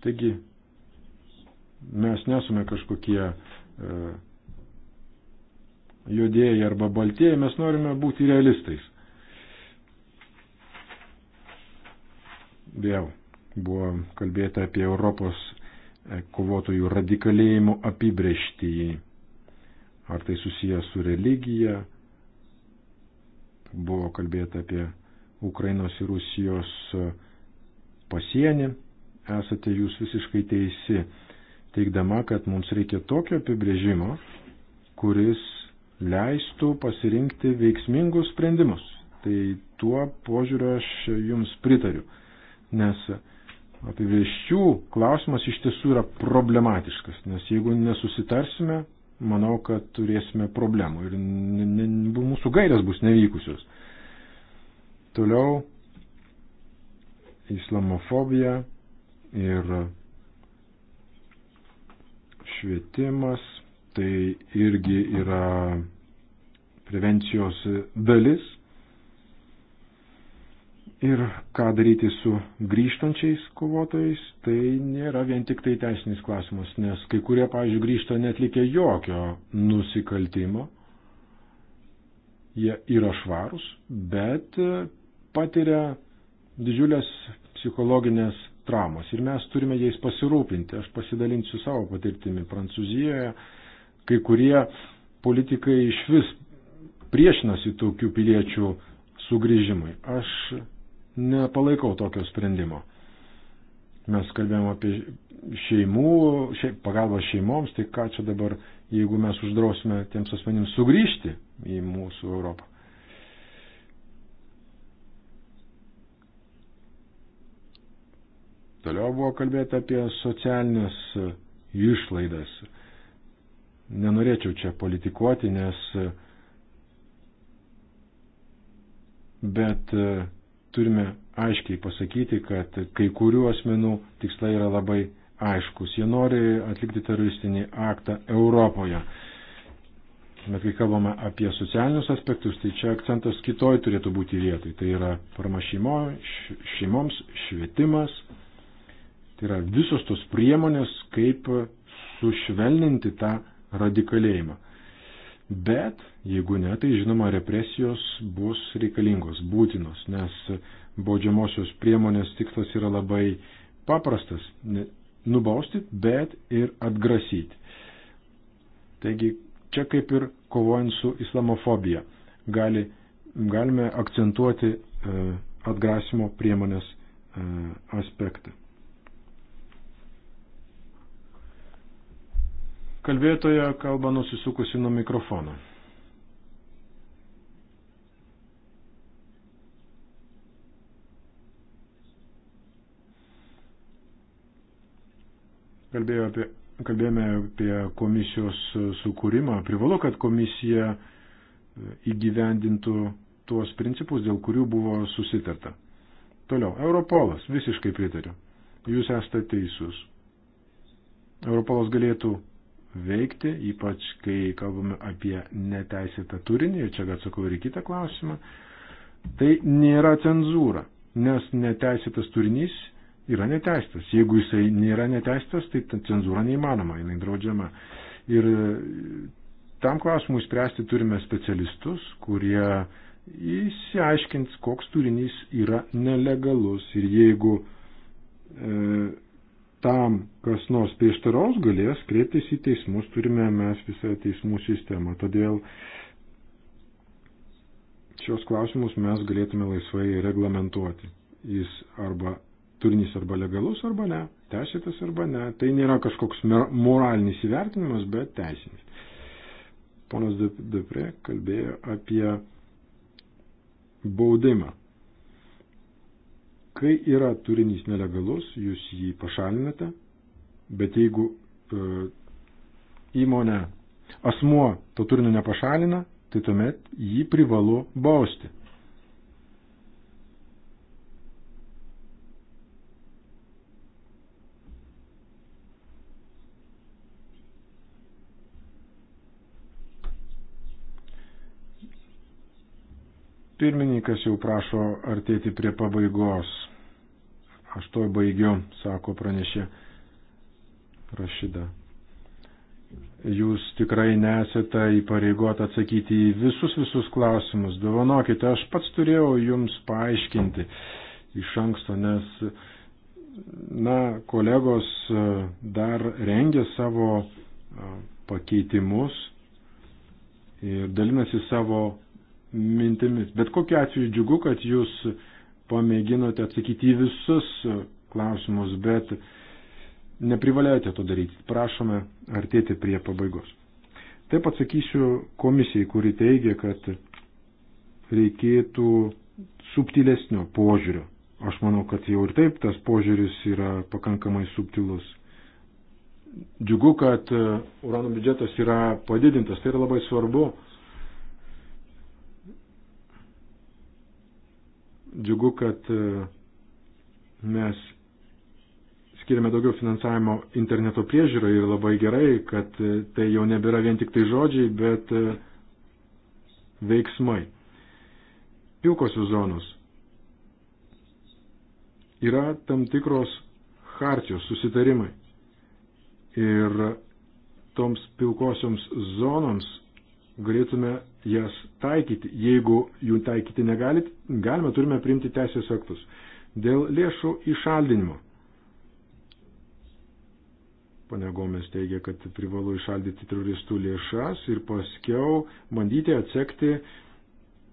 Taigi, mes nesame kažkokie e, juodėjai arba baltieji, mes norime būti realistais. Vėl buvo kalbėta apie Europos e, kovotojų radikalėjimo apibrėžtį. Ar tai susijęs su religija? Buvo kalbėta apie Ukrainos ir Rusijos e, pasienį, esate jūs visiškai teisi, teikdama, kad mums reikia tokio apibrėžimo, kuris leistų pasirinkti veiksmingus sprendimus. Tai tuo požiūriu aš jums pritariu, nes apibrėžčių klausimas iš tiesų yra problematiškas, nes jeigu nesusitarsime, manau, kad turėsime problemų ir mūsų gairės bus nevykusios. Toliau islamofobija ir švietimas tai irgi yra prevencijos dalis. Ir ką daryti su grįžtančiais kovotojais, tai nėra vien tik tai teisinis klausimas, nes kai kurie, pavyzdžiui, grįžta netlikę jokio nusikaltimo, jie yra švarus, bet patiria didžiulės psichologinės traumas ir mes turime jais pasirūpinti. Aš pasidalinsiu savo patirtimi. Prancūzijoje kai kurie politikai iš vis priešinasi tokių piliečių sugrįžimui. Aš nepalaikau tokio sprendimo. Mes kalbėjom apie šeimų, šiaip, pagalbą šeimoms, tai ką čia dabar, jeigu mes uždrausime tiems asmenims sugrįžti į mūsų Europą. Toliau buvo kalbėta apie socialinės išlaidas. Nenorėčiau čia politikuoti, nes bet turime aiškiai pasakyti, kad kai kurių asmenų tikslai yra labai aiškus. Jie nori atlikti teroristinį aktą Europoje. Bet kai kalbame apie socialinius aspektus, tai čia akcentas kitoj turėtų būti vietoj. Tai yra parama šeimo, šeimoms, švietimas, Tai yra visos tos priemonės, kaip sušvelninti tą radikalėjimą. Bet jeigu ne, tai žinoma, represijos bus reikalingos, būtinos, nes baudžiamosios priemonės tikslas yra labai paprastas - nubausti, bet ir atgrasyti. Taigi čia kaip ir kovojant su islamofobija gali, galime akcentuoti e, atgrasimo priemonės e, aspektą. Kalbėtoja kalba nusisukusi nuo mikrofono. Kalbėjo apie, kalbėjome apie komisijos sukūrimą. Privalu, kad komisija įgyvendintų tuos principus, dėl kurių buvo susitarta. Toliau, Europolas, visiškai pritariu. Jūs esate teisūs. Europolas galėtų veikti, ypač kai kalbame apie neteisėtą turinį, ir čia atsakau ir kitą klausimą, tai nėra cenzūra, nes neteisėtas turinys yra neteistas. Jeigu jisai nėra neteistas, tai cenzūra neįmanoma, jinai draudžiama. Ir tam klausimui spręsti turime specialistus, kurie įsiaiškins, koks turinys yra nelegalus ir jeigu e, tam, kas nors prieštaraus, galės kreiptis į teismus, turime mes visą teismų sistemą. Todėl šios klausimus mes galėtume laisvai reglamentuoti. Jis arba turinys arba legalus arba ne, teisėtas arba ne. Tai nėra kažkoks moralinis įvertinimas, bet teisinis. Ponas Depre kalbėjo apie baudimą. Kai yra turinys nelegalus, jūs jį pašalinate, bet jeigu e, įmonė, asmuo to turinio nepašalina, tai tuomet jį privalu bausti. Pirmininkas jau prašo artėti prie pabaigos. Aš to baigiu, sako pranešė Rašyda. Jūs tikrai nesate įpareigota atsakyti į visus visus klausimus. Dovanokite, aš pats turėjau jums paaiškinti iš anksto, nes, na, kolegos e, dar rengė savo e, pakeitimus ir dalinasi savo mintimis. Bet kokiu atveju džiugu, kad jūs pamėginote atsakyti į visus klausimus, bet neprivalėjote to daryti. Prašome artėti prie pabaigos. Taip atsakysiu komisijai, kuri teigia, kad reikėtų subtilesnio požiūrio. Aš manau, kad jau ir taip tas požiūris yra pakankamai subtilus. Džiugu, kad urano biudžetas yra padidintas, tai yra labai svarbu Džiugu, kad e, mes skiriame daugiau finansavimo interneto priežiūrai ir labai gerai, kad e, tai jau nebėra vien tik tai žodžiai, bet e, veiksmai. Pilkosios zonos yra tam tikros hartijos susitarimai. Ir toms pilkosioms zonoms galėtume jas taikyti. Jeigu jų taikyti negalit, galime, turime priimti teisės aktus. Dėl lėšų išaldinimo. Pane Gomes teigia, kad privalu išaldyti teroristų lėšas ir paskiau bandyti atsekti,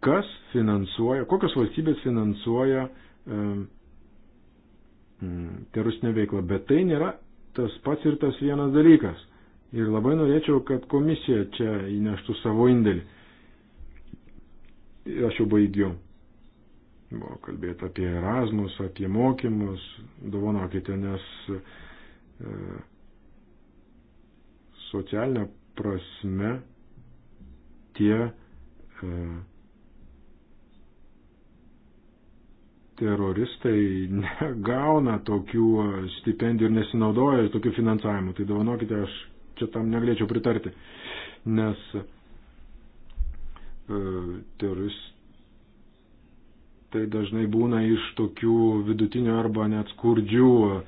kas finansuoja, kokios valstybės finansuoja um, teroristinę veiklą. Bet tai nėra tas pats ir tas vienas dalykas. Ir labai norėčiau, kad komisija čia įneštų savo indėlį. Aš jau baigiu. Buvo kalbėta apie Erasmus, apie mokymus, dovanokite, nes e, socialinė prasme tie e, teroristai (laughs) negauna tokių e, stipendijų ir nesinaudoja tokiu finansavimu. Tai dovanokite, aš čia tam negalėčiau pritarti, nes E, Teroristai dažnai būna iš tokių vidutinių arba net skurdžių e,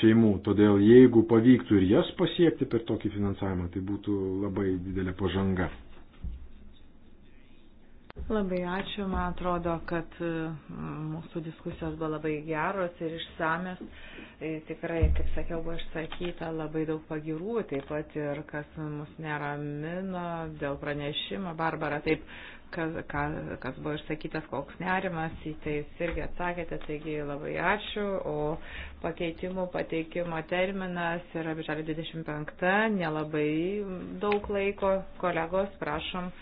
šeimų. Todėl jeigu pavyktų ir jas pasiekti per tokį finansavimą, tai būtų labai didelė pažanga.
Labai ačiū, man atrodo, kad mm, mūsų diskusijos buvo labai geros ir išsamios. E, tikrai, kaip sakiau, buvo išsakyta labai daug pagirų, taip pat ir kas mus neramino dėl pranešimo. Barbara, taip, kas, kas buvo išsakytas, koks nerimas, į tai jūs irgi atsakėte, taigi labai ačiū. O pakeitimų pateikimo terminas yra birželio 25, nelabai daug laiko. Kolegos, prašom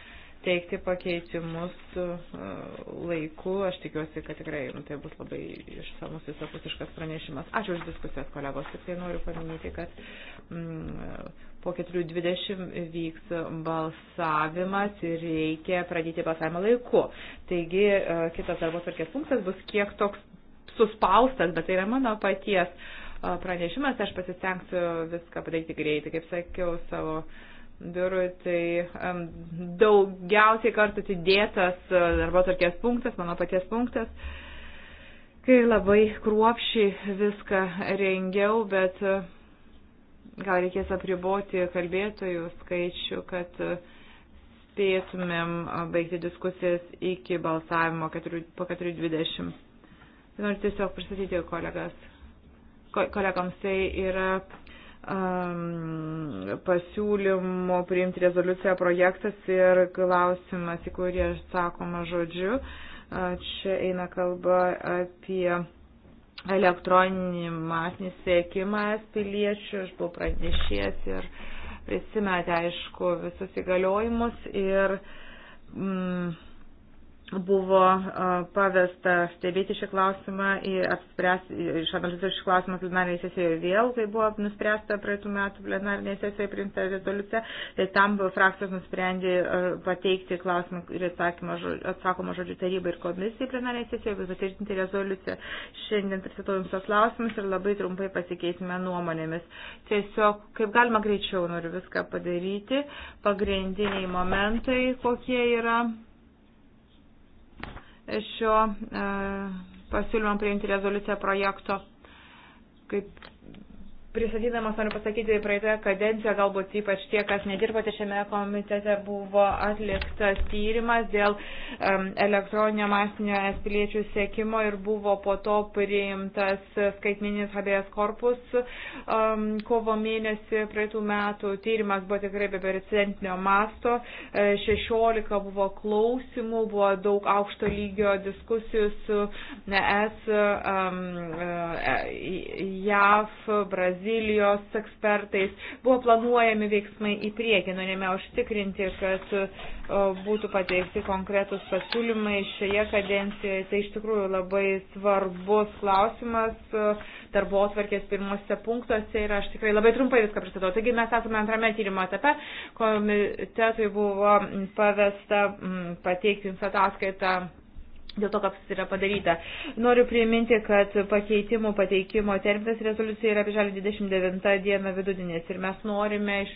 teikti pakeitimus uh, laiku. Aš tikiuosi, kad tikrai nu, tai bus labai išsamus visapusiškas pranešimas. Ačiū už diskusijas, kolegos. Tik tai noriu paminėti, kad mm, po 4.20 vyks balsavimas ir reikia pradėti balsavimą laiku. Taigi uh, kitas darbo tvarkės punktas bus kiek toks suspaustas, bet tai yra mano paties uh, pranešimas. Aš pasistengsiu viską padaryti greitai, kaip sakiau savo. Uh, biurui, tai um, daugiausiai kartų atidėtas e, darbo tarkės punktas, mano paties punktas, kai labai kruopšiai viską rengiau, bet e, gal reikės apriboti kalbėtojų skaičių, kad e, spėtumėm baigti diskusijas iki balsavimo 4, po 4.20. Noriu tiesiog pristatyti kolegas. Ko, kolegams tai yra pasiūlymų priimti rezoliuciją projektas ir klausimas, į kurį aš sakoma žodžiu. Čia eina kalba apie elektroninį masinį sėkimą es piliečių, aš buvau pranešėjęs ir prisimetė, aišku, visus įgaliojimus ir mm, buvo pavesta stebėti šį klausimą ir išanalizuoti šį klausimą plenarinėje sesijoje vėl, kai buvo nuspręsta praeitų metų plenarinėje sesijoje priimta rezoliucija, tai tam frakcijos nusprendė pateikti klausimą ir atsakomą žodžių tarybai ir komisijai plenarinėje sesijoje, bet patvirtinti rezoliuciją. Šiandien pristatau jums tos klausimus ir labai trumpai pasikeisime nuomonėmis. Tiesiog, kaip galima greičiau noriu viską padaryti, pagrindiniai momentai kokie yra šio e, pasiūlymo priimti rezoliuciją projekto. Kaip Pristatydamas noriu pasakyti, praeitoje kadencijoje galbūt ypač tie, kas nedirbote šiame komitete, buvo atliktas tyrimas dėl um, elektroninio masinio es piliečių sėkimo ir buvo po to priimtas skaitmininis habėjas korpus um, kovo mėnesį praeitų metų. Tyrimas buvo tikrai be precedentinio masto. 16 e, buvo klausimų, buvo daug aukšto lygio diskusijų su es, um, e, JAV, Brazilija. Brazilijos ekspertais. Buvo planuojami veiksmai į priekį, norėjome užtikrinti, kad būtų pateikti konkretus pasiūlymai šioje kadencijoje. Tai iš tikrųjų labai svarbus klausimas darbo atvarkės pirmose punktuose ir aš tikrai labai trumpai viską pristatau. Taigi mes esame antrame tyrimo etape, komitetui buvo pavesta pateikti jums ataskaitą dėl to, kas yra padaryta. Noriu priminti, kad pakeitimų pateikimo terminas rezoliucija yra birželio 29 diena vidudinės ir mes norime iš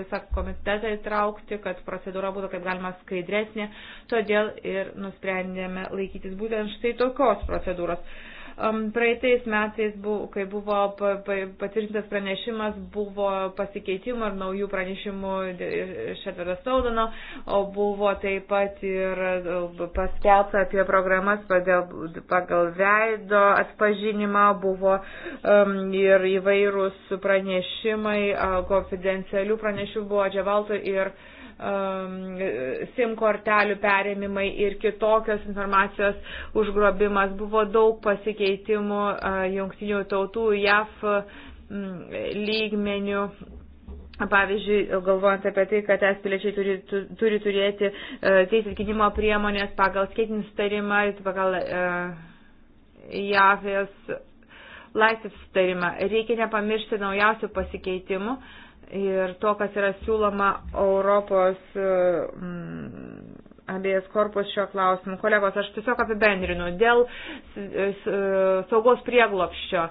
visą komitetą įtraukti, kad procedūra būtų kaip galima skaidresnė, todėl ir nusprendėme laikytis būtent štai tokios procedūros. Praeitais metais, kai buvo patvirtintas pranešimas, buvo pasikeitimų ir naujų pranešimų iš Edvardo Staudono, o buvo taip pat ir e, paskelbta apie programas pagal, pagal veido atpažinimą, buvo um, ir įvairūs pranešimai, konfidencialių pranešimų buvo Dževalto ir uh, Um, SIM kortelių perėmimai ir kitokios informacijos užgrobimas. Buvo daug pasikeitimų uh, jungtinių tautų JAF mm, lygmenių. Pavyzdžiui, galvojant apie tai, kad es piliečiai turi, tu, turi turėti e, teisės gynimo priemonės pagal skėtinį starimą, pagal e, uh, JAV laisvės sutarimą. Reikia nepamiršti naujausių pasikeitimų. E, ir to, kas yra siūloma Europos e, abiejas korpus šio klausimu. Kolegos, aš tiesiog apibendrinu. Dėl saugos prieglopščio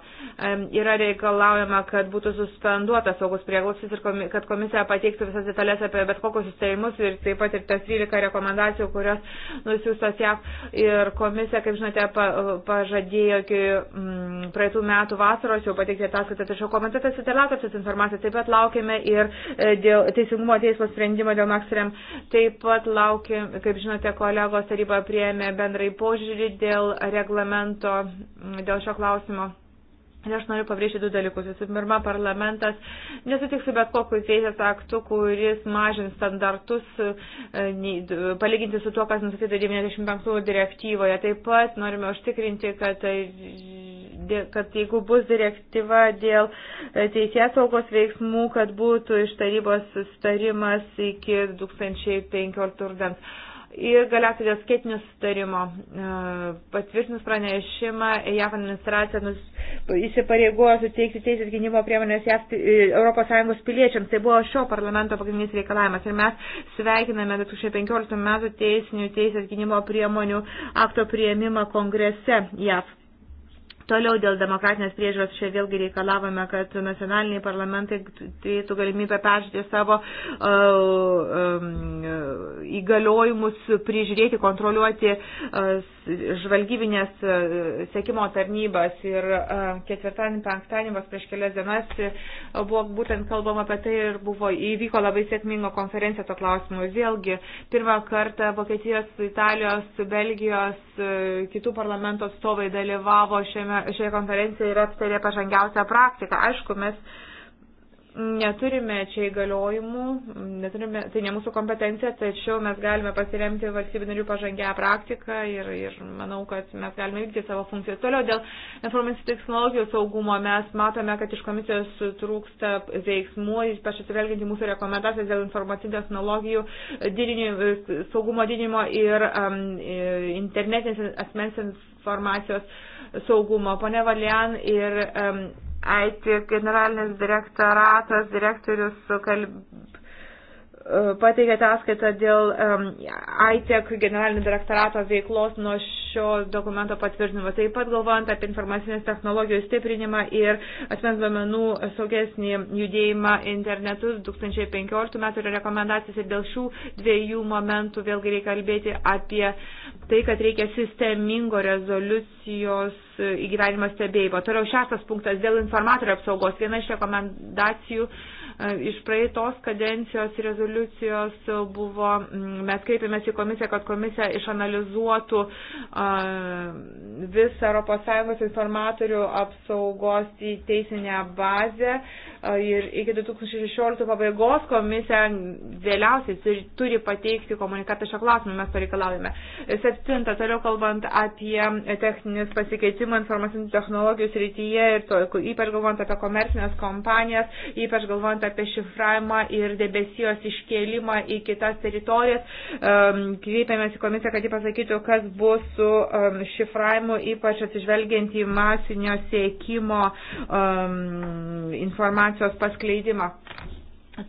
yra reikalaujama, kad būtų suspenduotas saugus prieglopštis ir kad komisija pateiktų visas detalės apie bet kokius sustarimus ir taip pat ir tas 12 rekomendacijų, kurios nusiūstos JAV. Ir komisija, kaip žinote, pažadėjo iki praeitų metų vasaros jau pateikti ataskaitą. Tačiau komitetas įtelaukia šios informacijos. Taip pat laukime ir e, dėl teisingumo teismo sprendimo dėl Maksrem. Taip pat laukime Kaip žinote, kolegos taryba prieėmė bendrai požiūrį dėl reglamento, dėl šio klausimo. Ir aš noriu pabrėžti du dalykus. Visų pirma, parlamentas nesutiks su bet kokiu teisės aktu, kuris mažins standartus e, palyginti su tuo, kas nustatyta 95 direktyvoje. Taip pat norime užtikrinti, kad, e, kad jeigu bus direktyva dėl e, teisės saugos veiksmų, kad būtų iš tarybos sustarimas iki 2015 rudens. Ir galiausiai dėl skėtinių sutarimo. E, patvirtinus pranešimą, JAF administracija nus... įsipareigojo suteikti teisės gynimo priemonės JAF ES piliečiams. Tai buvo šio parlamento pagrindinis reikalavimas. Ir mes sveikiname 2015 metų teisinių teisės gynimo priemonių akto prieimimą kongrese JAF. Toliau dėl demokratinės priežiūros čia vėlgi reikalavome, kad nacionaliniai parlamentai turėtų galimybę peržiūrėti savo uh, um, įgaliojimus, prižiūrėti, kontroliuoti uh, žvalgybinės e, sekimo tarnybas ir e, ketvirtadienį, penktadienį, vas prieš kelias dienas e, buvo būtent kalbama apie tai ir buvo, įvyko labai sėkminga konferencija to klausimu. Vėlgi, pirmą kartą Vokietijos, Italijos, Belgijos, kitų parlamento atstovai dalyvavo šiame, šioje konferencijoje ir aptarė pažangiausią praktiką. Aišku, mes Neturime čia įgaliojimų, neturime, tai ne mūsų kompetencija, tačiau mes galime pasiremti valstybių narių pažangę praktiką ir, ir manau, kad mes galime vykti savo funkcijas. Toliau dėl informacinių technologijų saugumo mes matome, kad iš komisijos trūksta veiksmų, ypač atsivelginti mūsų rekomendacijas dėl informacinių technologijų didinimo, saugumo didinimo ir um, internetinės asmens informacijos saugumo. Pone Valian ir um, IT generalinis direktoratas, direktorius kalb, pateikė ataskaitą dėl um, ITEC generalinio direktorato veiklos nuo šio dokumento patvirtinimo. Taip pat galvojant apie informacinės technologijų stiprinimą ir asmens duomenų saugesnį judėjimą internetu 2015 metų yra rekomendacijas ir dėl šių dviejų momentų vėlgi reikia kalbėti apie tai, kad reikia sistemingo rezoliucijos įgyvenimo stebėjimo. Toliau šeštas punktas dėl informatorių apsaugos. Viena iš rekomendacijų uh, E, iš praeitos kadencijos rezoliucijos buvo, mes kreipėmės į komisiją, kad komisija išanalizuotų e, visą ES informatorių apsaugos į teisinę bazę e, ir iki 2016 pabaigos komisija vėliausiai turi pateikti komunikatą šio klausimu, mes to reikalaujame. Septinta, toliau kalbant apie techninius pasikeitimą informacinių technologijų srityje ir to, ypač galvojant apie komercinės kompanijas, ypač galvojant apie šifravimą ir debesijos iškėlimą į kitas teritorijas. Kreipėmės į komisiją, kad ji pasakytų, kas bus su šifravimu, ypač atsižvelgiant į masinio siekimo informacijos paskleidimą.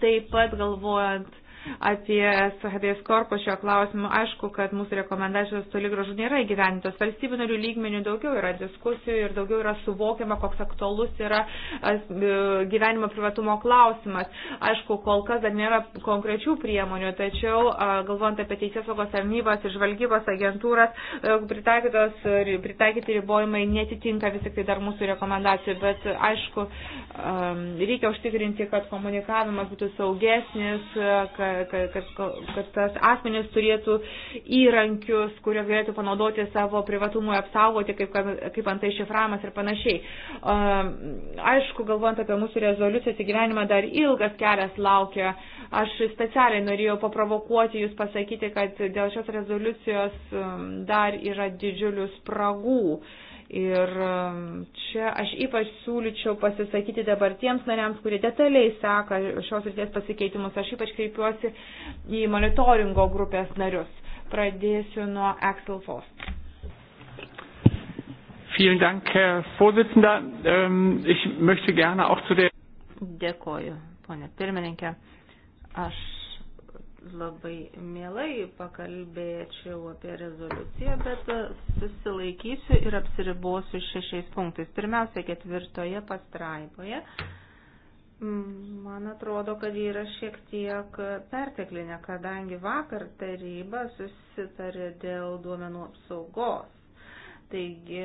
Taip pat galvojant apie Sahabės korpo šio klausimu. Aišku, kad mūsų rekomendacijos toli gražu nėra įgyvenintos. Valstybių narių lygmenių daugiau yra diskusijų ir daugiau yra suvokiama, koks aktualus yra e, gyvenimo privatumo klausimas. Aišku, kol kas dar nėra konkrečių priemonių, tačiau galvojant apie teisės saugos tarnybas ir žvalgybos agentūras, e, pritaikyti ribojimai netitinka vis tik tai dar mūsų rekomendacijų, bet aišku, reikia užtikrinti, kad komunikavimas būtų saugesnis, kad kad, kad, kad tas asmenys turėtų įrankius, kurie galėtų panaudoti savo privatumui apsaugoti, kaip, kaip antai šifravimas ir panašiai. Um, aišku, galvojant apie mūsų rezoliucijos įgyvenimą, dar ilgas kelias laukia. Aš specialiai norėjau paprovokuoti jūs pasakyti, kad dėl šios rezoliucijos um, dar yra didžiulių spragų. Uh, Ir um, čia aš ypač siūlyčiau pasisakyti dabar tiems nariams, kurie detaliai seka šios ryties pasikeitimus. Aš ypač kreipiuosi į monitoringo grupės narius. Pradėsiu nuo Axel Fost.
Vielen Dank, Herr Vorsitzender. Ähm, ich möchte gerne auch zu der. Dėkoju, ponė pirmininkė. Aš labai mielai pakalbėčiau apie rezoliuciją, bet susilaikysiu ir apsiribosiu šešiais punktais. Pirmiausia, ketvirtoje pastraipoje. Man atrodo, kad ji yra šiek tiek perteklinė, kadangi vakar taryba susitarė dėl duomenų apsaugos. Taigi,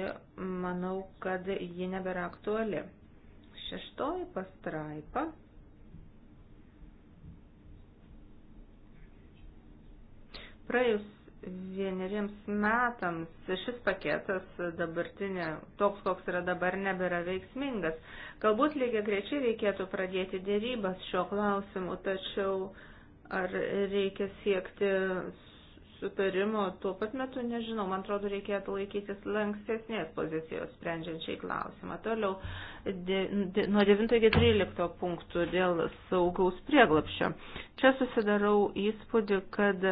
manau, kad ji nebėra aktuali. Šeštoji pastraipa Praėjus vieneriems metams šis paketas dabartinė, toks koks yra dabar, nebėra veiksmingas. Galbūt lygiai grečiai reikėtų pradėti dėrybas šio klausimu, tačiau ar reikia siekti sutarimo tuo pat metu, nežinau, man atrodo, reikėtų laikytis lankstesnės pozicijos sprendžiančiai klausimą. Toliau de, de, nuo 9 iki 13 punktų dėl saugaus prieglapščio. Čia susidarau įspūdį, kad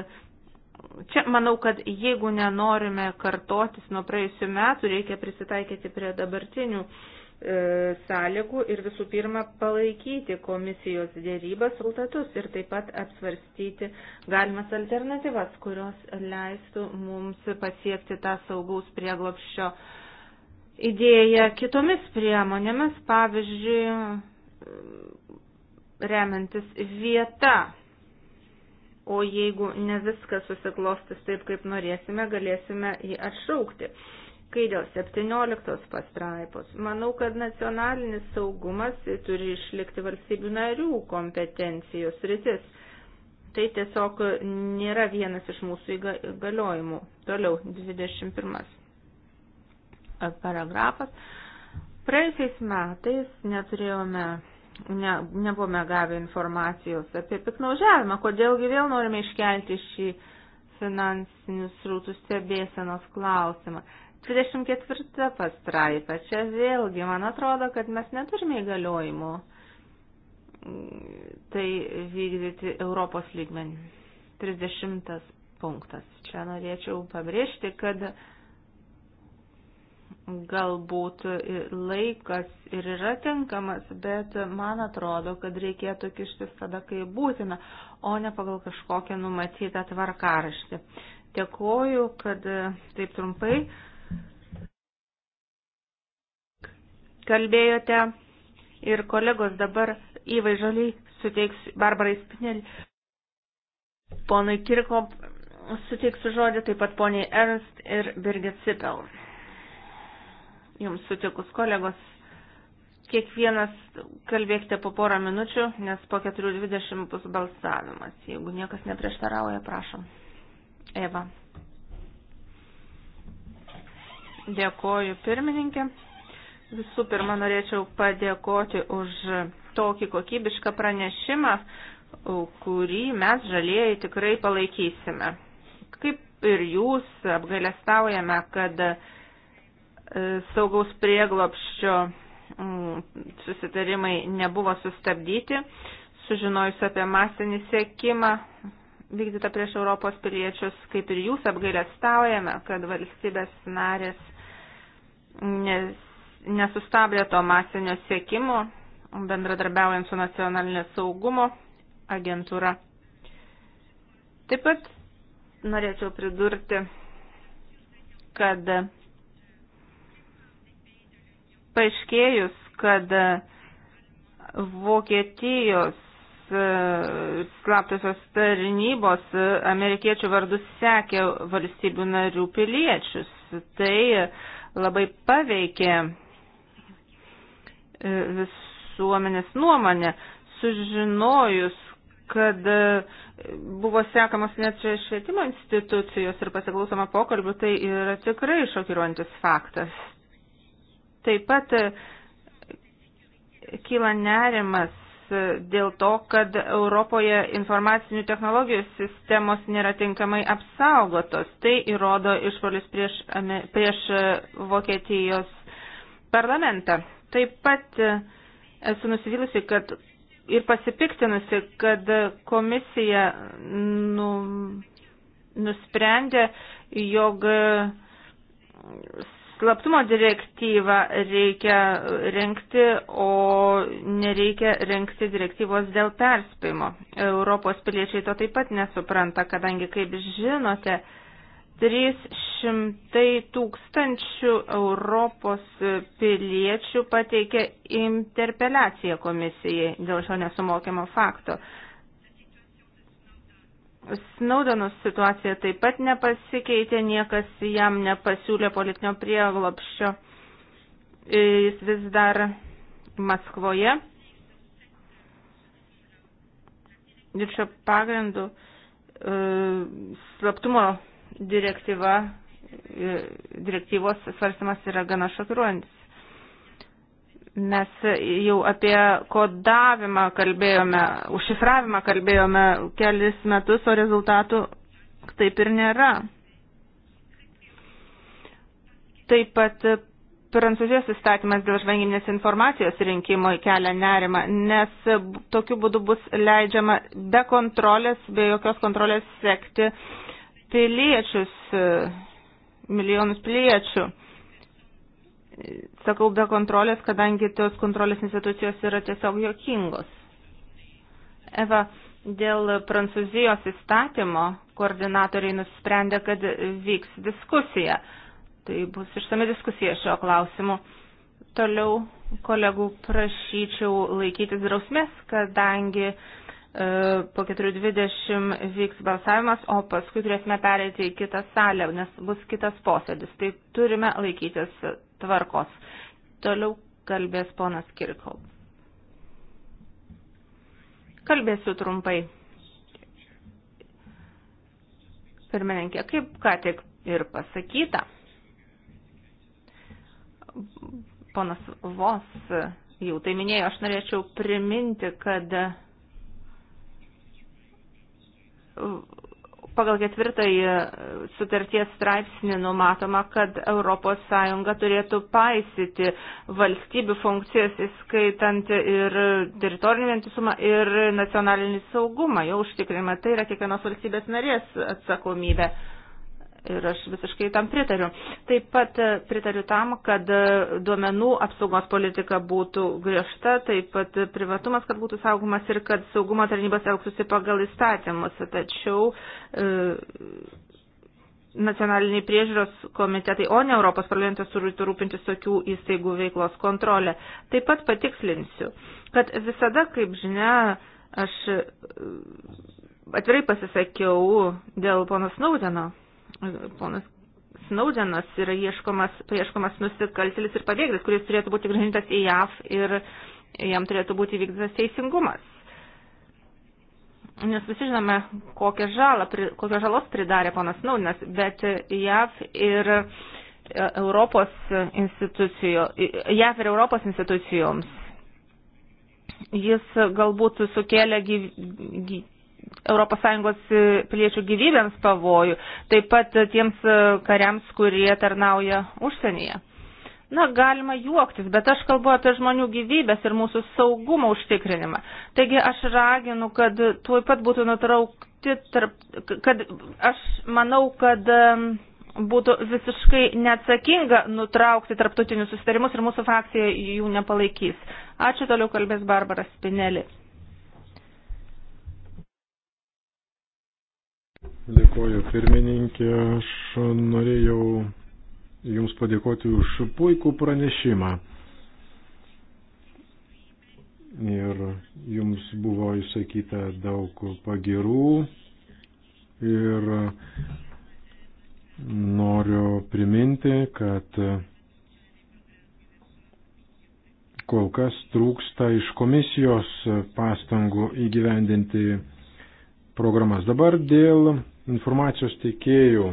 Čia manau, kad jeigu nenorime kartotis nuo praėjusių metų, reikia prisitaikyti prie dabartinių e, sąlygų ir visų pirma palaikyti komisijos dėrybas rezultatus ir taip pat apsvarstyti galimas alternatyvas, kurios leistų mums pasiekti tą saugaus prieglopščio idėją kitomis priemonėmis, pavyzdžiui, remiantis vieta o jeigu ne viskas susiklostis taip, kaip norėsime, galėsime jį atšaukti. Kai dėl 17 pastraipos, manau, kad nacionalinis saugumas turi išlikti valstybių narių kompetencijos rytis. Tai tiesiog nėra vienas iš mūsų įgaliojimų. Toliau, 21 paragrafas. Praėjusiais metais neturėjome ne, nebuvome gavę informacijos apie piknaužiavimą, kodėlgi vėl norime iškelti šį finansinių srautų stebėsenos klausimą. 24 pastraipa, čia vėlgi, man atrodo, kad mes neturime įgaliojimų mm, tai vykdyti Europos lygmenį. 30 punktas. Čia norėčiau pabrėžti, kad galbūt laikas ir yra tinkamas, bet man atrodo, kad reikėtų kištis tada, kai būtina, o ne pagal kažkokią numatytą tvarkaraštį. Dėkoju, kad e, taip trumpai kalbėjote ir kolegos dabar įvaizdžiai suteiks Barbarai Spinelį. Ponui Kirko suteiksiu žodį, taip pat poniai Ernst ir Birgit Sipel jums sutikus kolegos. Kiekvienas kalbėkite po porą minučių, nes po 4.20 bus balsavimas. Jeigu niekas neprieštarauja, prašom. Eva. Dėkoju pirmininkė. Visų pirma, norėčiau padėkoti už tokį kokybišką pranešimą, kurį mes žalieji tikrai palaikysime. Kaip ir jūs apgailestaujame, kad E, saugaus prieglopščio mm, susitarimai nebuvo sustabdyti, sužinojus apie masinį sėkimą vykdytą prieš Europos piliečius, kaip ir jūs apgailestaujame, kad valstybės narės nesustabdė to masinio sėkimo, bendradarbiaujant su nacionalinė saugumo agentūra. Taip pat norėčiau pridurti, kad paaiškėjus, kad e, Vokietijos e, slaptosios tarnybos e, amerikiečių vardus sekė valstybių narių piliečius. Tai labai paveikė visuomenės nuomonę, sužinojus, kad buvo sekamos net švietimo institucijos ir pasiklausoma pokalbių, tai yra tikrai šokiruojantis faktas. Taip pat e, kyla nerimas e, dėl to, kad Europoje informacinių technologijų sistemos nėra tinkamai apsaugotos. Tai įrodo išpolis prieš, prieš e, Vokietijos parlamentą. Taip pat esu nusivylusi, kad ir pasipiktinusi, kad komisija nu, nusprendė, jog Slaptumo direktyvą reikia renkti, o nereikia renkti direktyvos dėl perspėjimo. Europos piliečiai to taip pat nesupranta, kadangi, kaip žinote, 300 tūkstančių Europos piliečių pateikė interpeliaciją komisijai dėl šio nesumokimo fakto. Snaudonos situacija taip pat nepasikeitė, niekas jam nepasiūlė politinio prieglopščio. Jis vis dar Maskvoje. Ir šio pagrindu e, slaptumo direktyva, e, direktyvos svarstymas yra gana šokiruojantis. Mes jau apie kodavimą kalbėjome, užšifravimą kalbėjome kelis metus, o rezultatų taip ir nėra. Taip pat Prancūzijos įstatymas dėl žvanginės informacijos rinkimo kelia nerimą, nes tokiu būdu bus leidžiama be kontrolės, be jokios kontrolės sekti piliečius, milijonus piliečių sakau be kontrolės, kadangi tos kontrolės institucijos yra tiesiog jokingos. Eva, dėl Prancūzijos įstatymo koordinatoriai nusprendė, kad vyks diskusija. Tai bus išsame diskusija šio klausimu. Toliau kolegų prašyčiau laikytis drausmės, kadangi E, po 4.20 vyks balsavimas, o paskui turėsime pereiti į kitą salę, nes bus kitas posėdis. Tai turime laikytis tvarkos. Toliau kalbės ponas Kirkau. Kalbėsiu trumpai. Pirmininkė, kaip ką tik ir pasakyta, ponas Vos jau tai minėjo, aš norėčiau priminti, kad pagal ketvirtąjį sutarties straipsnį numatoma, kad ES turėtų paisyti valstybių funkcijas, įskaitant ir teritorinį vientisumą ir nacionalinį saugumą, jau užtikrinimą. Tai yra kiekvienos valstybės narės atsakomybė. Ir aš visiškai tam pritariu. Taip pat e, pritariu tam, kad e, duomenų apsaugos politika būtų griežta, taip pat privatumas, kad būtų saugomas ir kad saugumo tarnybos elgtųsi pagal įstatymus. Tačiau e, nacionaliniai priežiūros komitetai, o ne Europos parlamentas turi rūpintis tokių įstaigų veiklos kontrolę. Taip pat patikslinsiu, kad visada, kaip žinia, aš e, atvirai pasisakiau dėl pono Snaudeno ponas Snaudenas yra ieškomas, prieškomas nusikaltelis ir pabėgėlis, kuris turėtų būti grąžintas į JAV ir jam turėtų būti vykdytas teisingumas. Nes visi žinome, kokią, žalą, kokią žalos pridarė ponas Snaudenas, bet JAV ir Europos, JAV ir Europos institucijoms jis galbūt sukėlė gyv, ES e, piliečių gyvybėms pavojų, taip pat e, tiems e, kariams, kurie tarnauja užsienyje. Na, galima juoktis, bet aš kalbu apie žmonių gyvybės ir mūsų saugumo užtikrinimą. Taigi aš raginu, kad tuoj pat būtų nutraukti, tarp, kad aš manau, kad būtų visiškai neatsakinga nutraukti tarptautinius susitarimus ir mūsų frakcija jų nepalaikys. Ačiū, toliau kalbės Barbara Spinelli.
Dėkoju pirmininkė, aš norėjau Jums padėkoti už puikų pranešimą. Ir Jums buvo išsakyta daug pagirų ir noriu priminti, kad kol kas trūksta iš komisijos pastangų įgyvendinti programas. Dabar dėl informacijos teikėjų.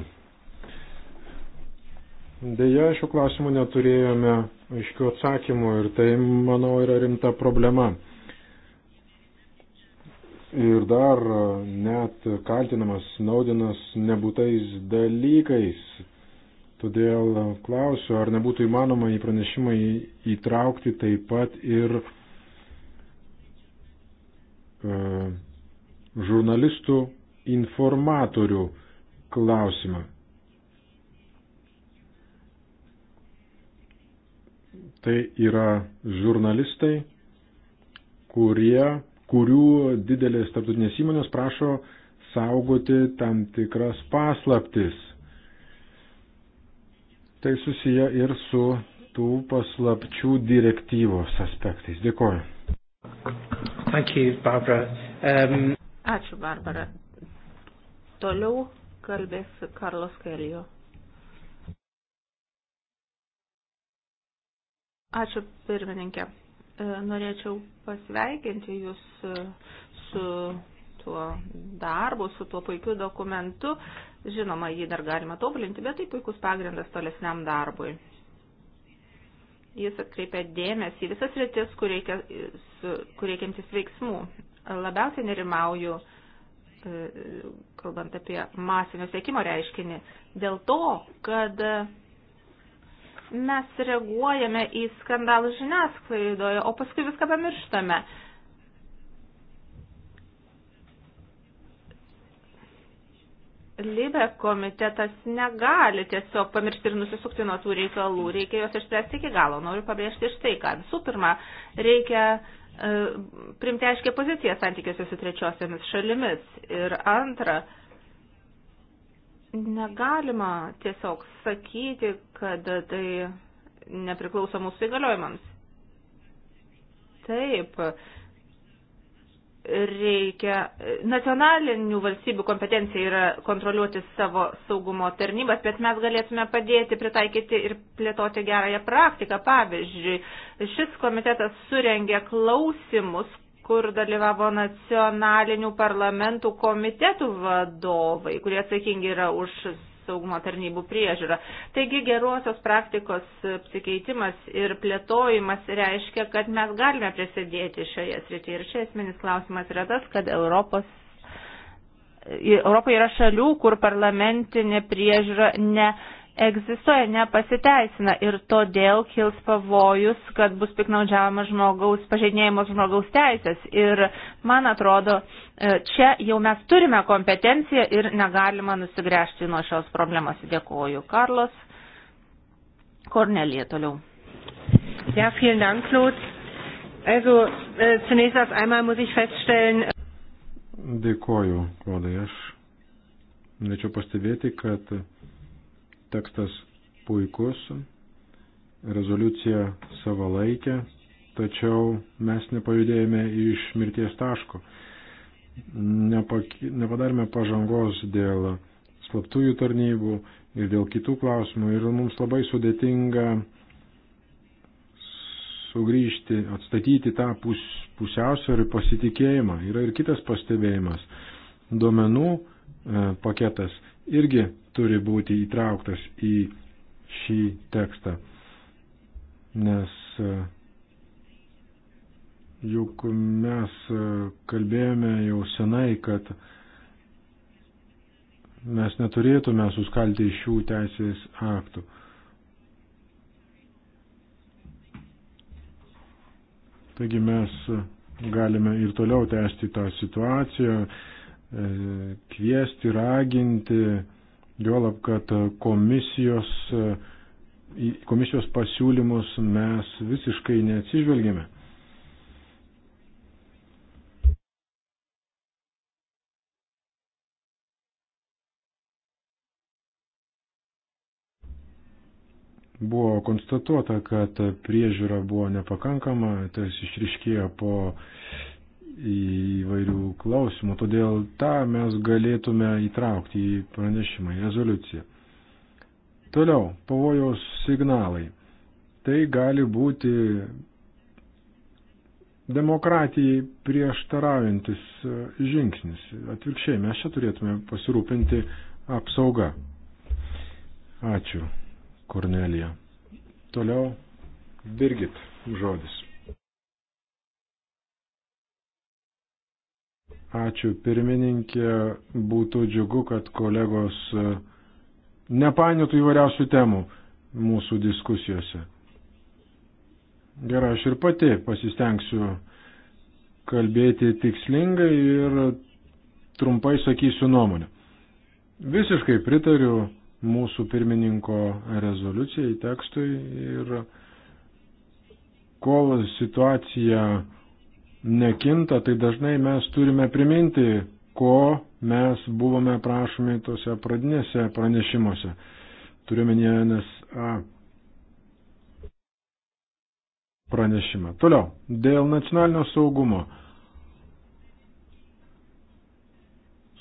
Deja, šiuo klausimu neturėjome aiškių atsakymų ir tai, manau, yra rimta problema. Ir dar net kaltinamas Naudinas nebūtais dalykais. Todėl klausiu, ar nebūtų įmanoma į pranešimą įtraukti taip pat ir e, žurnalistų informatorių klausimą. Tai yra žurnalistai, kurie, kurių didelės tarptautinės įmonės prašo saugoti tam tikras paslaptis. Tai susiję ir su tų paslapčių direktyvos aspektais. Dėkoju. Thank you, Barbara. Um...
Ačiū, Barbara. Toliau kalbės Karlos Kelijo. Ačiū pirmininkė. E, norėčiau pasveikinti Jūs e, su tuo darbu, su tuo puikiu dokumentu. Žinoma, jį dar galima tobulinti, bet tai puikus pagrindas tolesniam darbui. Jis atkreipia dėmesį visas rytis, kur reikia imtis veiksmų. Labiausiai nerimauju E, kalbant apie masinio sėkimo reiškinį, dėl to, kad mes reaguojame į skandalus žiniasklaidoje, o paskui viską pamirštame. Libe komitetas negali tiesiog pamiršti ir nusisukti nuo tų reikalų, reikia juos išspręsti iki galo. Noriu pabrėžti štai ką. Visų pirma, reikia E, primti aiškę poziciją santykiuose su trečiosiamis šalimis. Ir antra, negalima tiesiog sakyti, kad tai nepriklauso mūsų įgaliojimams. Taip, reikia, nacionalinių valstybių kompetencija yra kontroliuoti savo saugumo tarnybas, bet mes galėtume padėti pritaikyti ir plėtoti gerąją praktiką. Pavyzdžiui, šis komitetas surengė klausimus, kur dalyvavo nacionalinių parlamentų komitetų vadovai, kurie atsakingi yra už saugumo tarnybų priežiūra. Taigi gerosios praktikos e, apsikeitimas ir plėtojimas reiškia, kad mes galime prisidėti šioje srityje. Ir čia esminis klausimas yra tas, kad Europos e, Europoje yra šalių, kur parlamentinė priežiūra ne egzistuoja, nepasiteisina ir todėl kils pavojus, kad bus piknaudžiavama žmogaus, pažeidinėjimas žmogaus teisės. Ir man atrodo, e, čia jau mes turime kompetenciją ir negalima nusigręžti nuo šios problemos. Dėkuoju. Karlos Kornelija toliau. Ja, vielen Dank, Claude. Also, äh, zunächst erst einmal muss ich feststellen. Äh,
Dėkoju, Klaudai. Aš norėčiau pastebėti, kad äh, Tekstas puikus, rezoliucija savalaikė, tačiau mes nepajudėjome iš mirties taško. Nepaki, nepadarėme pažangos dėl slaptųjų tarnybų ir dėl kitų klausimų ir mums labai sudėtinga sugrįžti, atstatyti tą pus, pusiausvę ir pasitikėjimą. Yra ir kitas pastebėjimas. Duomenų e, paketas irgi turi būti įtrauktas į šį tekstą, nes e, juk mes e, kalbėjome jau senai, kad mes neturėtume suskalti iš šių teisės aktų. Taigi mes galime ir toliau tęsti tą situaciją, e, kviesti, raginti, Juolab, kad e, komisijos, e, komisijos pasiūlymus mes visiškai neatsižvelgėme. buvo konstatuota, kad priežiūra buvo nepakankama, tai išriškėjo po įvairių klausimų, todėl tą mes galėtume įtraukti į pranešimą, į rezoliuciją. Toliau, pavojaus signalai. Tai gali būti demokratijai prieštaraujantis e, žingsnis. Atvirkščiai, mes čia turėtume pasirūpinti apsauga. Ačiū, Kornelija. Toliau, Birgit, žodis. Ačiū pirmininkė, būtų džiugu, kad kolegos e, nepainiotų įvairiausių temų mūsų diskusijose. Gerai, aš ir pati pasistengsiu kalbėti tikslingai ir trumpai sakysiu nuomonę. Visiškai pritariu mūsų pirmininko rezoliucijai, tekstui ir kol situacija nekinta, tai dažnai mes turime priminti, ko mes buvome prašomi tose pradinėse pranešimuose. Turime ne NSA pranešimą. Toliau, dėl nacionalinio saugumo.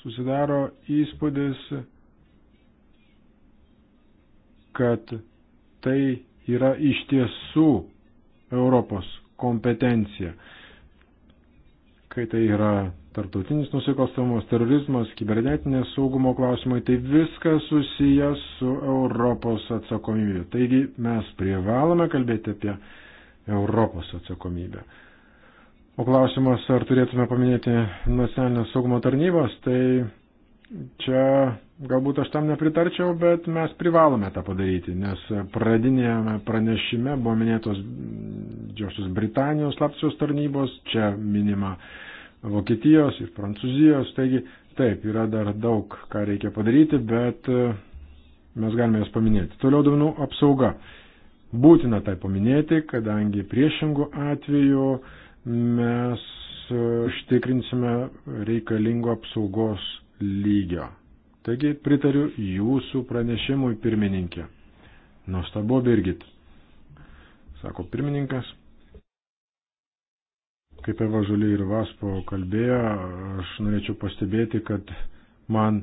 Susidaro įspūdis, kad tai yra iš tiesų Europos kompetencija dalykai, tai yra tarptautinis nusikalstamumas, terorizmas, kibernetinės saugumo klausimai, tai viskas susijęs su Europos atsakomybė. Taigi mes privalome kalbėti apie Europos atsakomybę. O klausimas, ar turėtume paminėti nacionalinės saugumo tarnybos, tai čia galbūt aš tam nepritarčiau, bet mes privalome tą padaryti, nes pradinėme pranešime buvo minėtos Džiosios Britanijos slapčios tarnybos, čia minima uh, Vokietijos, iš Prancūzijos. Taigi, taip, yra dar daug, ką reikia padaryti, bet e, mes galime jas paminėti. Toliau duomenų apsauga. Būtina tai paminėti, kadangi priešingų atveju mes e, užtikrinsime reikalingo apsaugos lygio. Taigi pritariu jūsų pranešimui pirmininkė. Nuostabu, Birgit, sako pirmininkas. Kaip Eva Žulė ir Vaspo kalbėjo, aš norėčiau pastebėti, kad man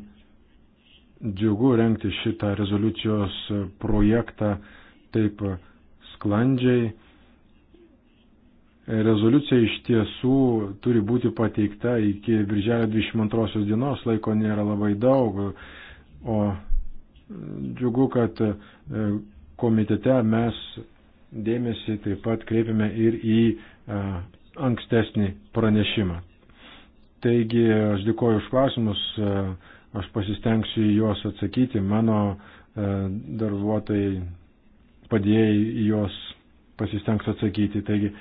džiugu renkti šitą rezoliucijos projektą taip sklandžiai. Rezoliucija iš tiesų turi būti pateikta iki birželio 22 dienos, laiko nėra labai daug, o džiugu, kad e, komitete mes dėmesį taip pat kreipiame ir į e, ankstesnį pranešimą. Taigi aš dėkoju už klausimus, e, aš pasistengsiu į juos atsakyti, mano e, darbuotojai padėjai į juos pasistengs atsakyti. Taigi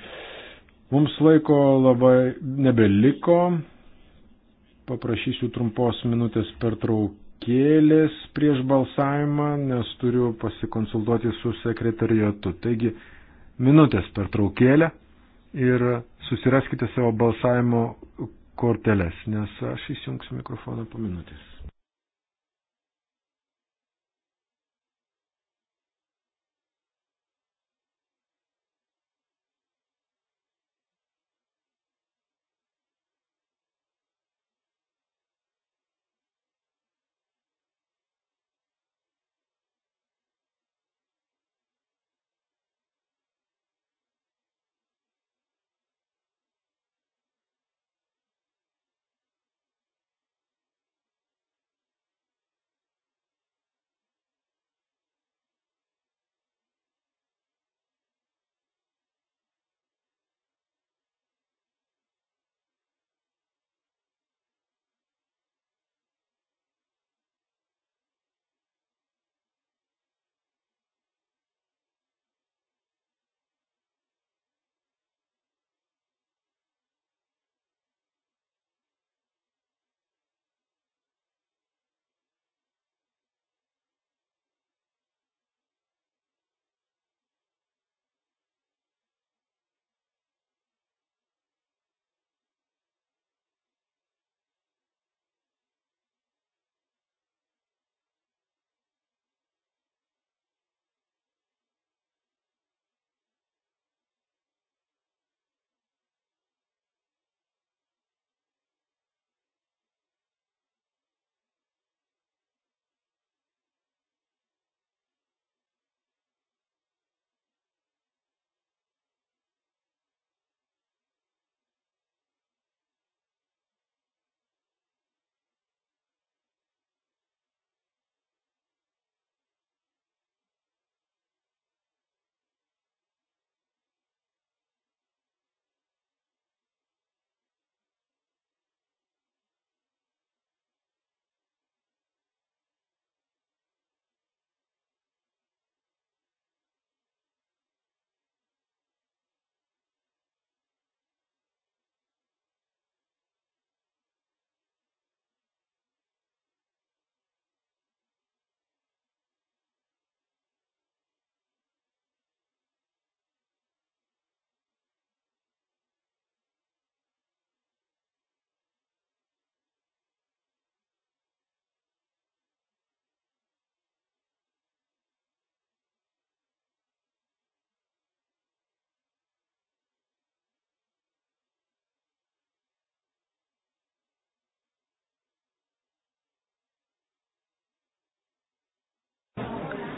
mums laiko labai nebeliko, paprašysiu trumpos minutės pertraukėlės prieš balsavimą, nes turiu pasikonsultuoti su sekretariatu. Taigi minutės pertraukėlė ir susiraskite savo balsavimo korteles, nes aš įsijungsiu mikrofoną po minutės.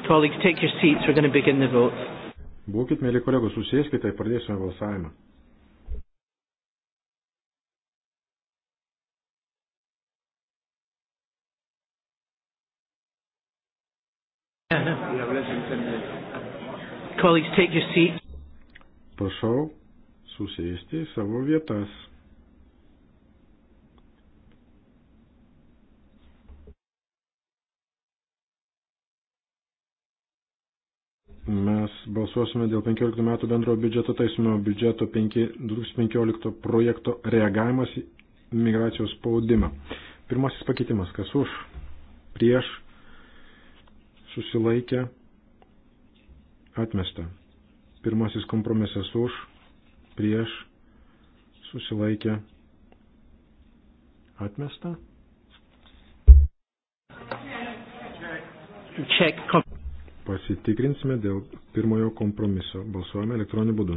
Colleagues, take your seats. We're going to begin the vote.
Būkit, mėly kolegos, susėskite ir pradėsime balsavimą.
Colleagues, take your seats.
Prašau susėsti į savo vietas. mes balsuosime dėl 15 metų bendrojo biudžeto taisimo biudžeto 5, 2015 projekto reagavimas į migracijos spaudimą. Pirmasis pakeitimas, kas už, prieš, susilaikė, atmesta. Pirmasis kompromisas už, prieš, susilaikė, atmesta. Check. Pasitikrinsime dėl pirmojo kompromiso. Balsuojame elektroniniu būdu.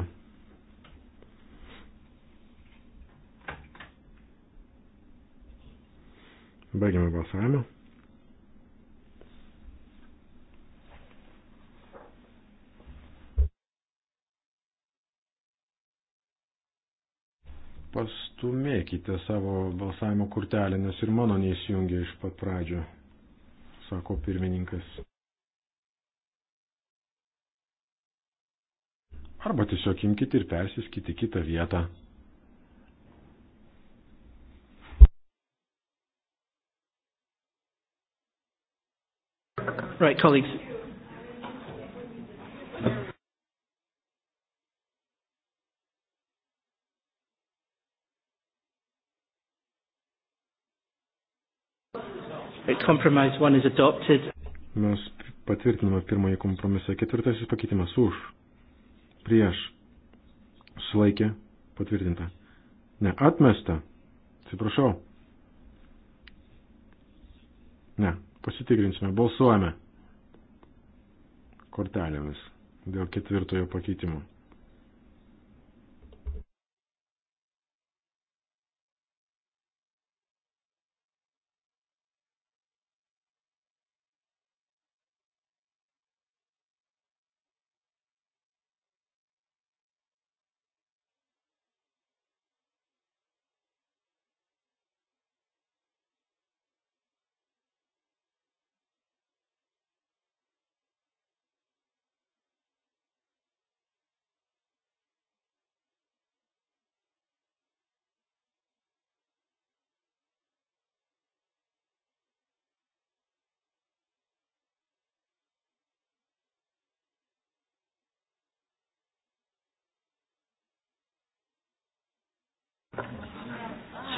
Baigiame balsavimą. Pastumėkite savo balsavimo kurtelę, nes ir mano neįsijungia iš pat pradžio, sako pirmininkas. Arba tiesiog imkite ir persiskite kitą vietą. Right, colleagues.
Compromise one is adopted.
Mes patvirtiname pirmąjį kompromisą. Ketvirtasis pakeitimas už prieš sulaikė patvirtinta. Ne, atmesta. Atsiprašau. Ne, pasitikrinsime, balsuojame kortelėmis dėl ketvirtojo pakeitimo.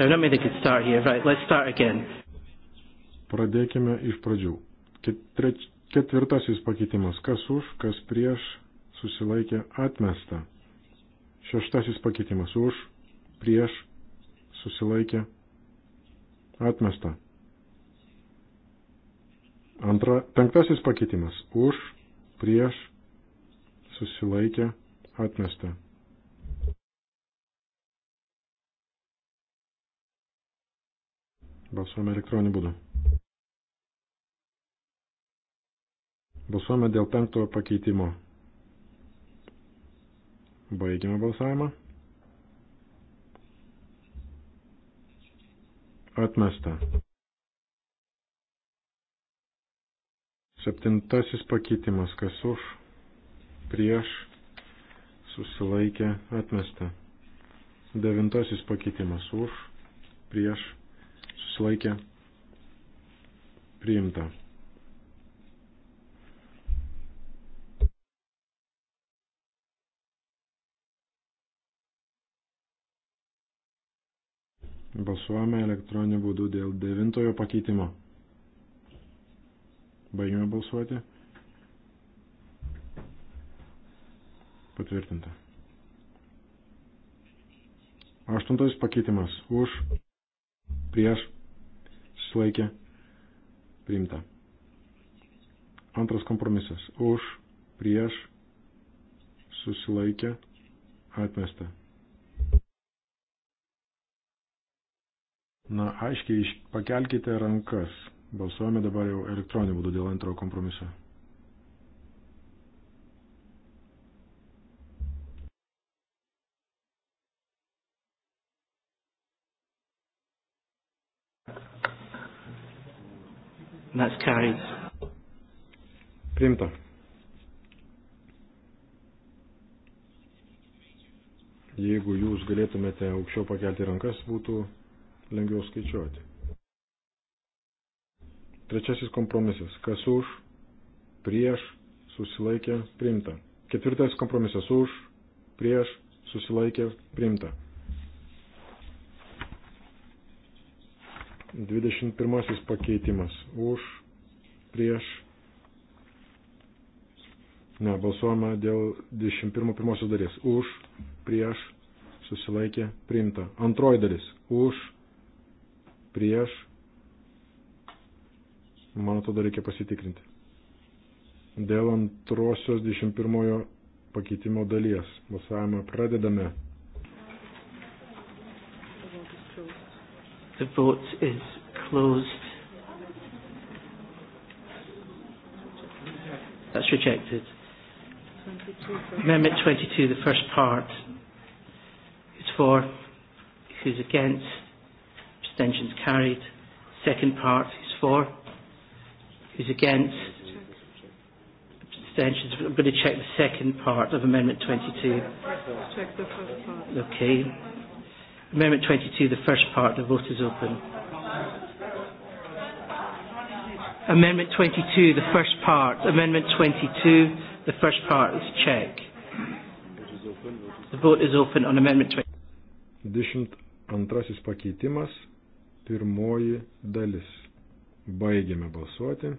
I've not made a good start here. Right, let's start again.
Pradėkime iš pradžių. Ketvirtasis pakeitimas. Kas už, kas prieš, susilaikė atmesta. Šeštasis pakeitimas. Už, prieš, susilaikė atmesta. Antra, penktasis pakeitimas. Už, prieš, susilaikė atmesta. Balsuojame elektroniniu būdu. Balsuojame dėl penktojo pakeitimo. Baigime balsavimą. Atmesta. Septintasis pakeitimas. Kas už, prieš, susilaikė, atmesta. Devintasis pakeitimas. Už, prieš, susilaikė priimta. Balsuojame elektroniniu būdu dėl devintojo pakeitimo. Baigime balsuoti. Patvirtinta. Aštuntas pakeitimas. Už. Prieš susilaikė priimta. Antras kompromisas. Už, prieš, susilaikė, atmesta. Na, aiškiai pakelkite rankas. Balsuojame dabar jau elektroniniu būdu dėl antrojo kompromiso. That's carried. Priimta. Jeigu jūs galėtumėte aukščiau pakelti rankas, būtų lengviau skaičiuoti. Trečiasis kompromisas. Kas už, prieš, susilaikė, priimta. Ketvirtas kompromisas. Už, prieš, susilaikė, priimta. 21 pakeitimas. Už, prieš. Ne, balsuojama dėl 21 pirmosios dalies. Už, prieš, susilaikė, priimta. Antroji dalis. Už, prieš. Man atrodo, reikia pasitikrinti. Dėl antrosios 21 pakeitimo dalies. Balsavimą pradedame.
The vote is closed. That's rejected. 22. Amendment 22, the first part. Who's for? Who's against? Abstentions carried. Second part, who's for? Who's against? Abstentions. I'm going to check the second part of Amendment 22. Check the first part. Okay. Amendment 22, the first part, the vote is open. Amendment 22, the first part. Amendment 22,
the first part. Let's check. The vote is open on Amendment 22. 22 pakeitimas, pirmoji dalis. Baigiame balsuoti.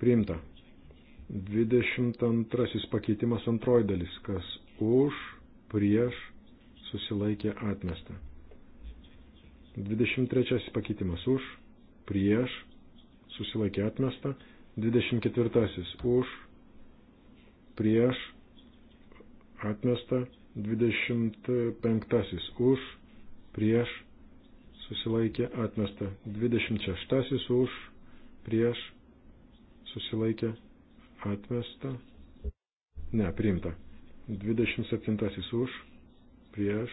Priimta. 22 pakeitimas, antroji dalis. Kas už, prieš, susilaikė atmesta. 23 pakeitimas už, prieš, susilaikė atmesta. 24 už, prieš, atmesta. 25 už, prieš, susilaikė atmesta. 26 už, prieš, susilaikė atmesta. Ne, priimta. 27 už, prieš,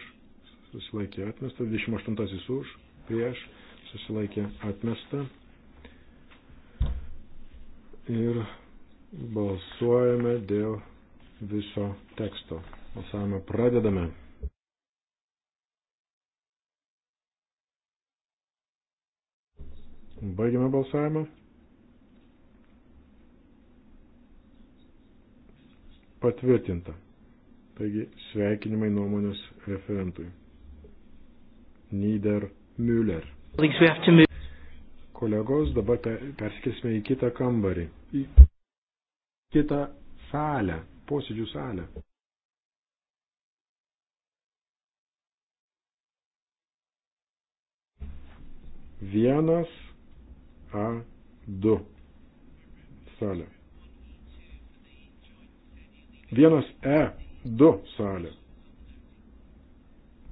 susilaikė atmesta, 28 už, prieš, susilaikė atmesta. Ir balsuojame dėl viso teksto. Balsavimą pradedame. Baigiame balsavimą. Patvirtinta. Taigi sveikinimai nuomonės referentui. Nieder Müller. Kolegos, dabar perskėsime į kitą kambarį, į kitą salę, posėdžių salę. Vienas A2 salė. Vienas E 2 salė.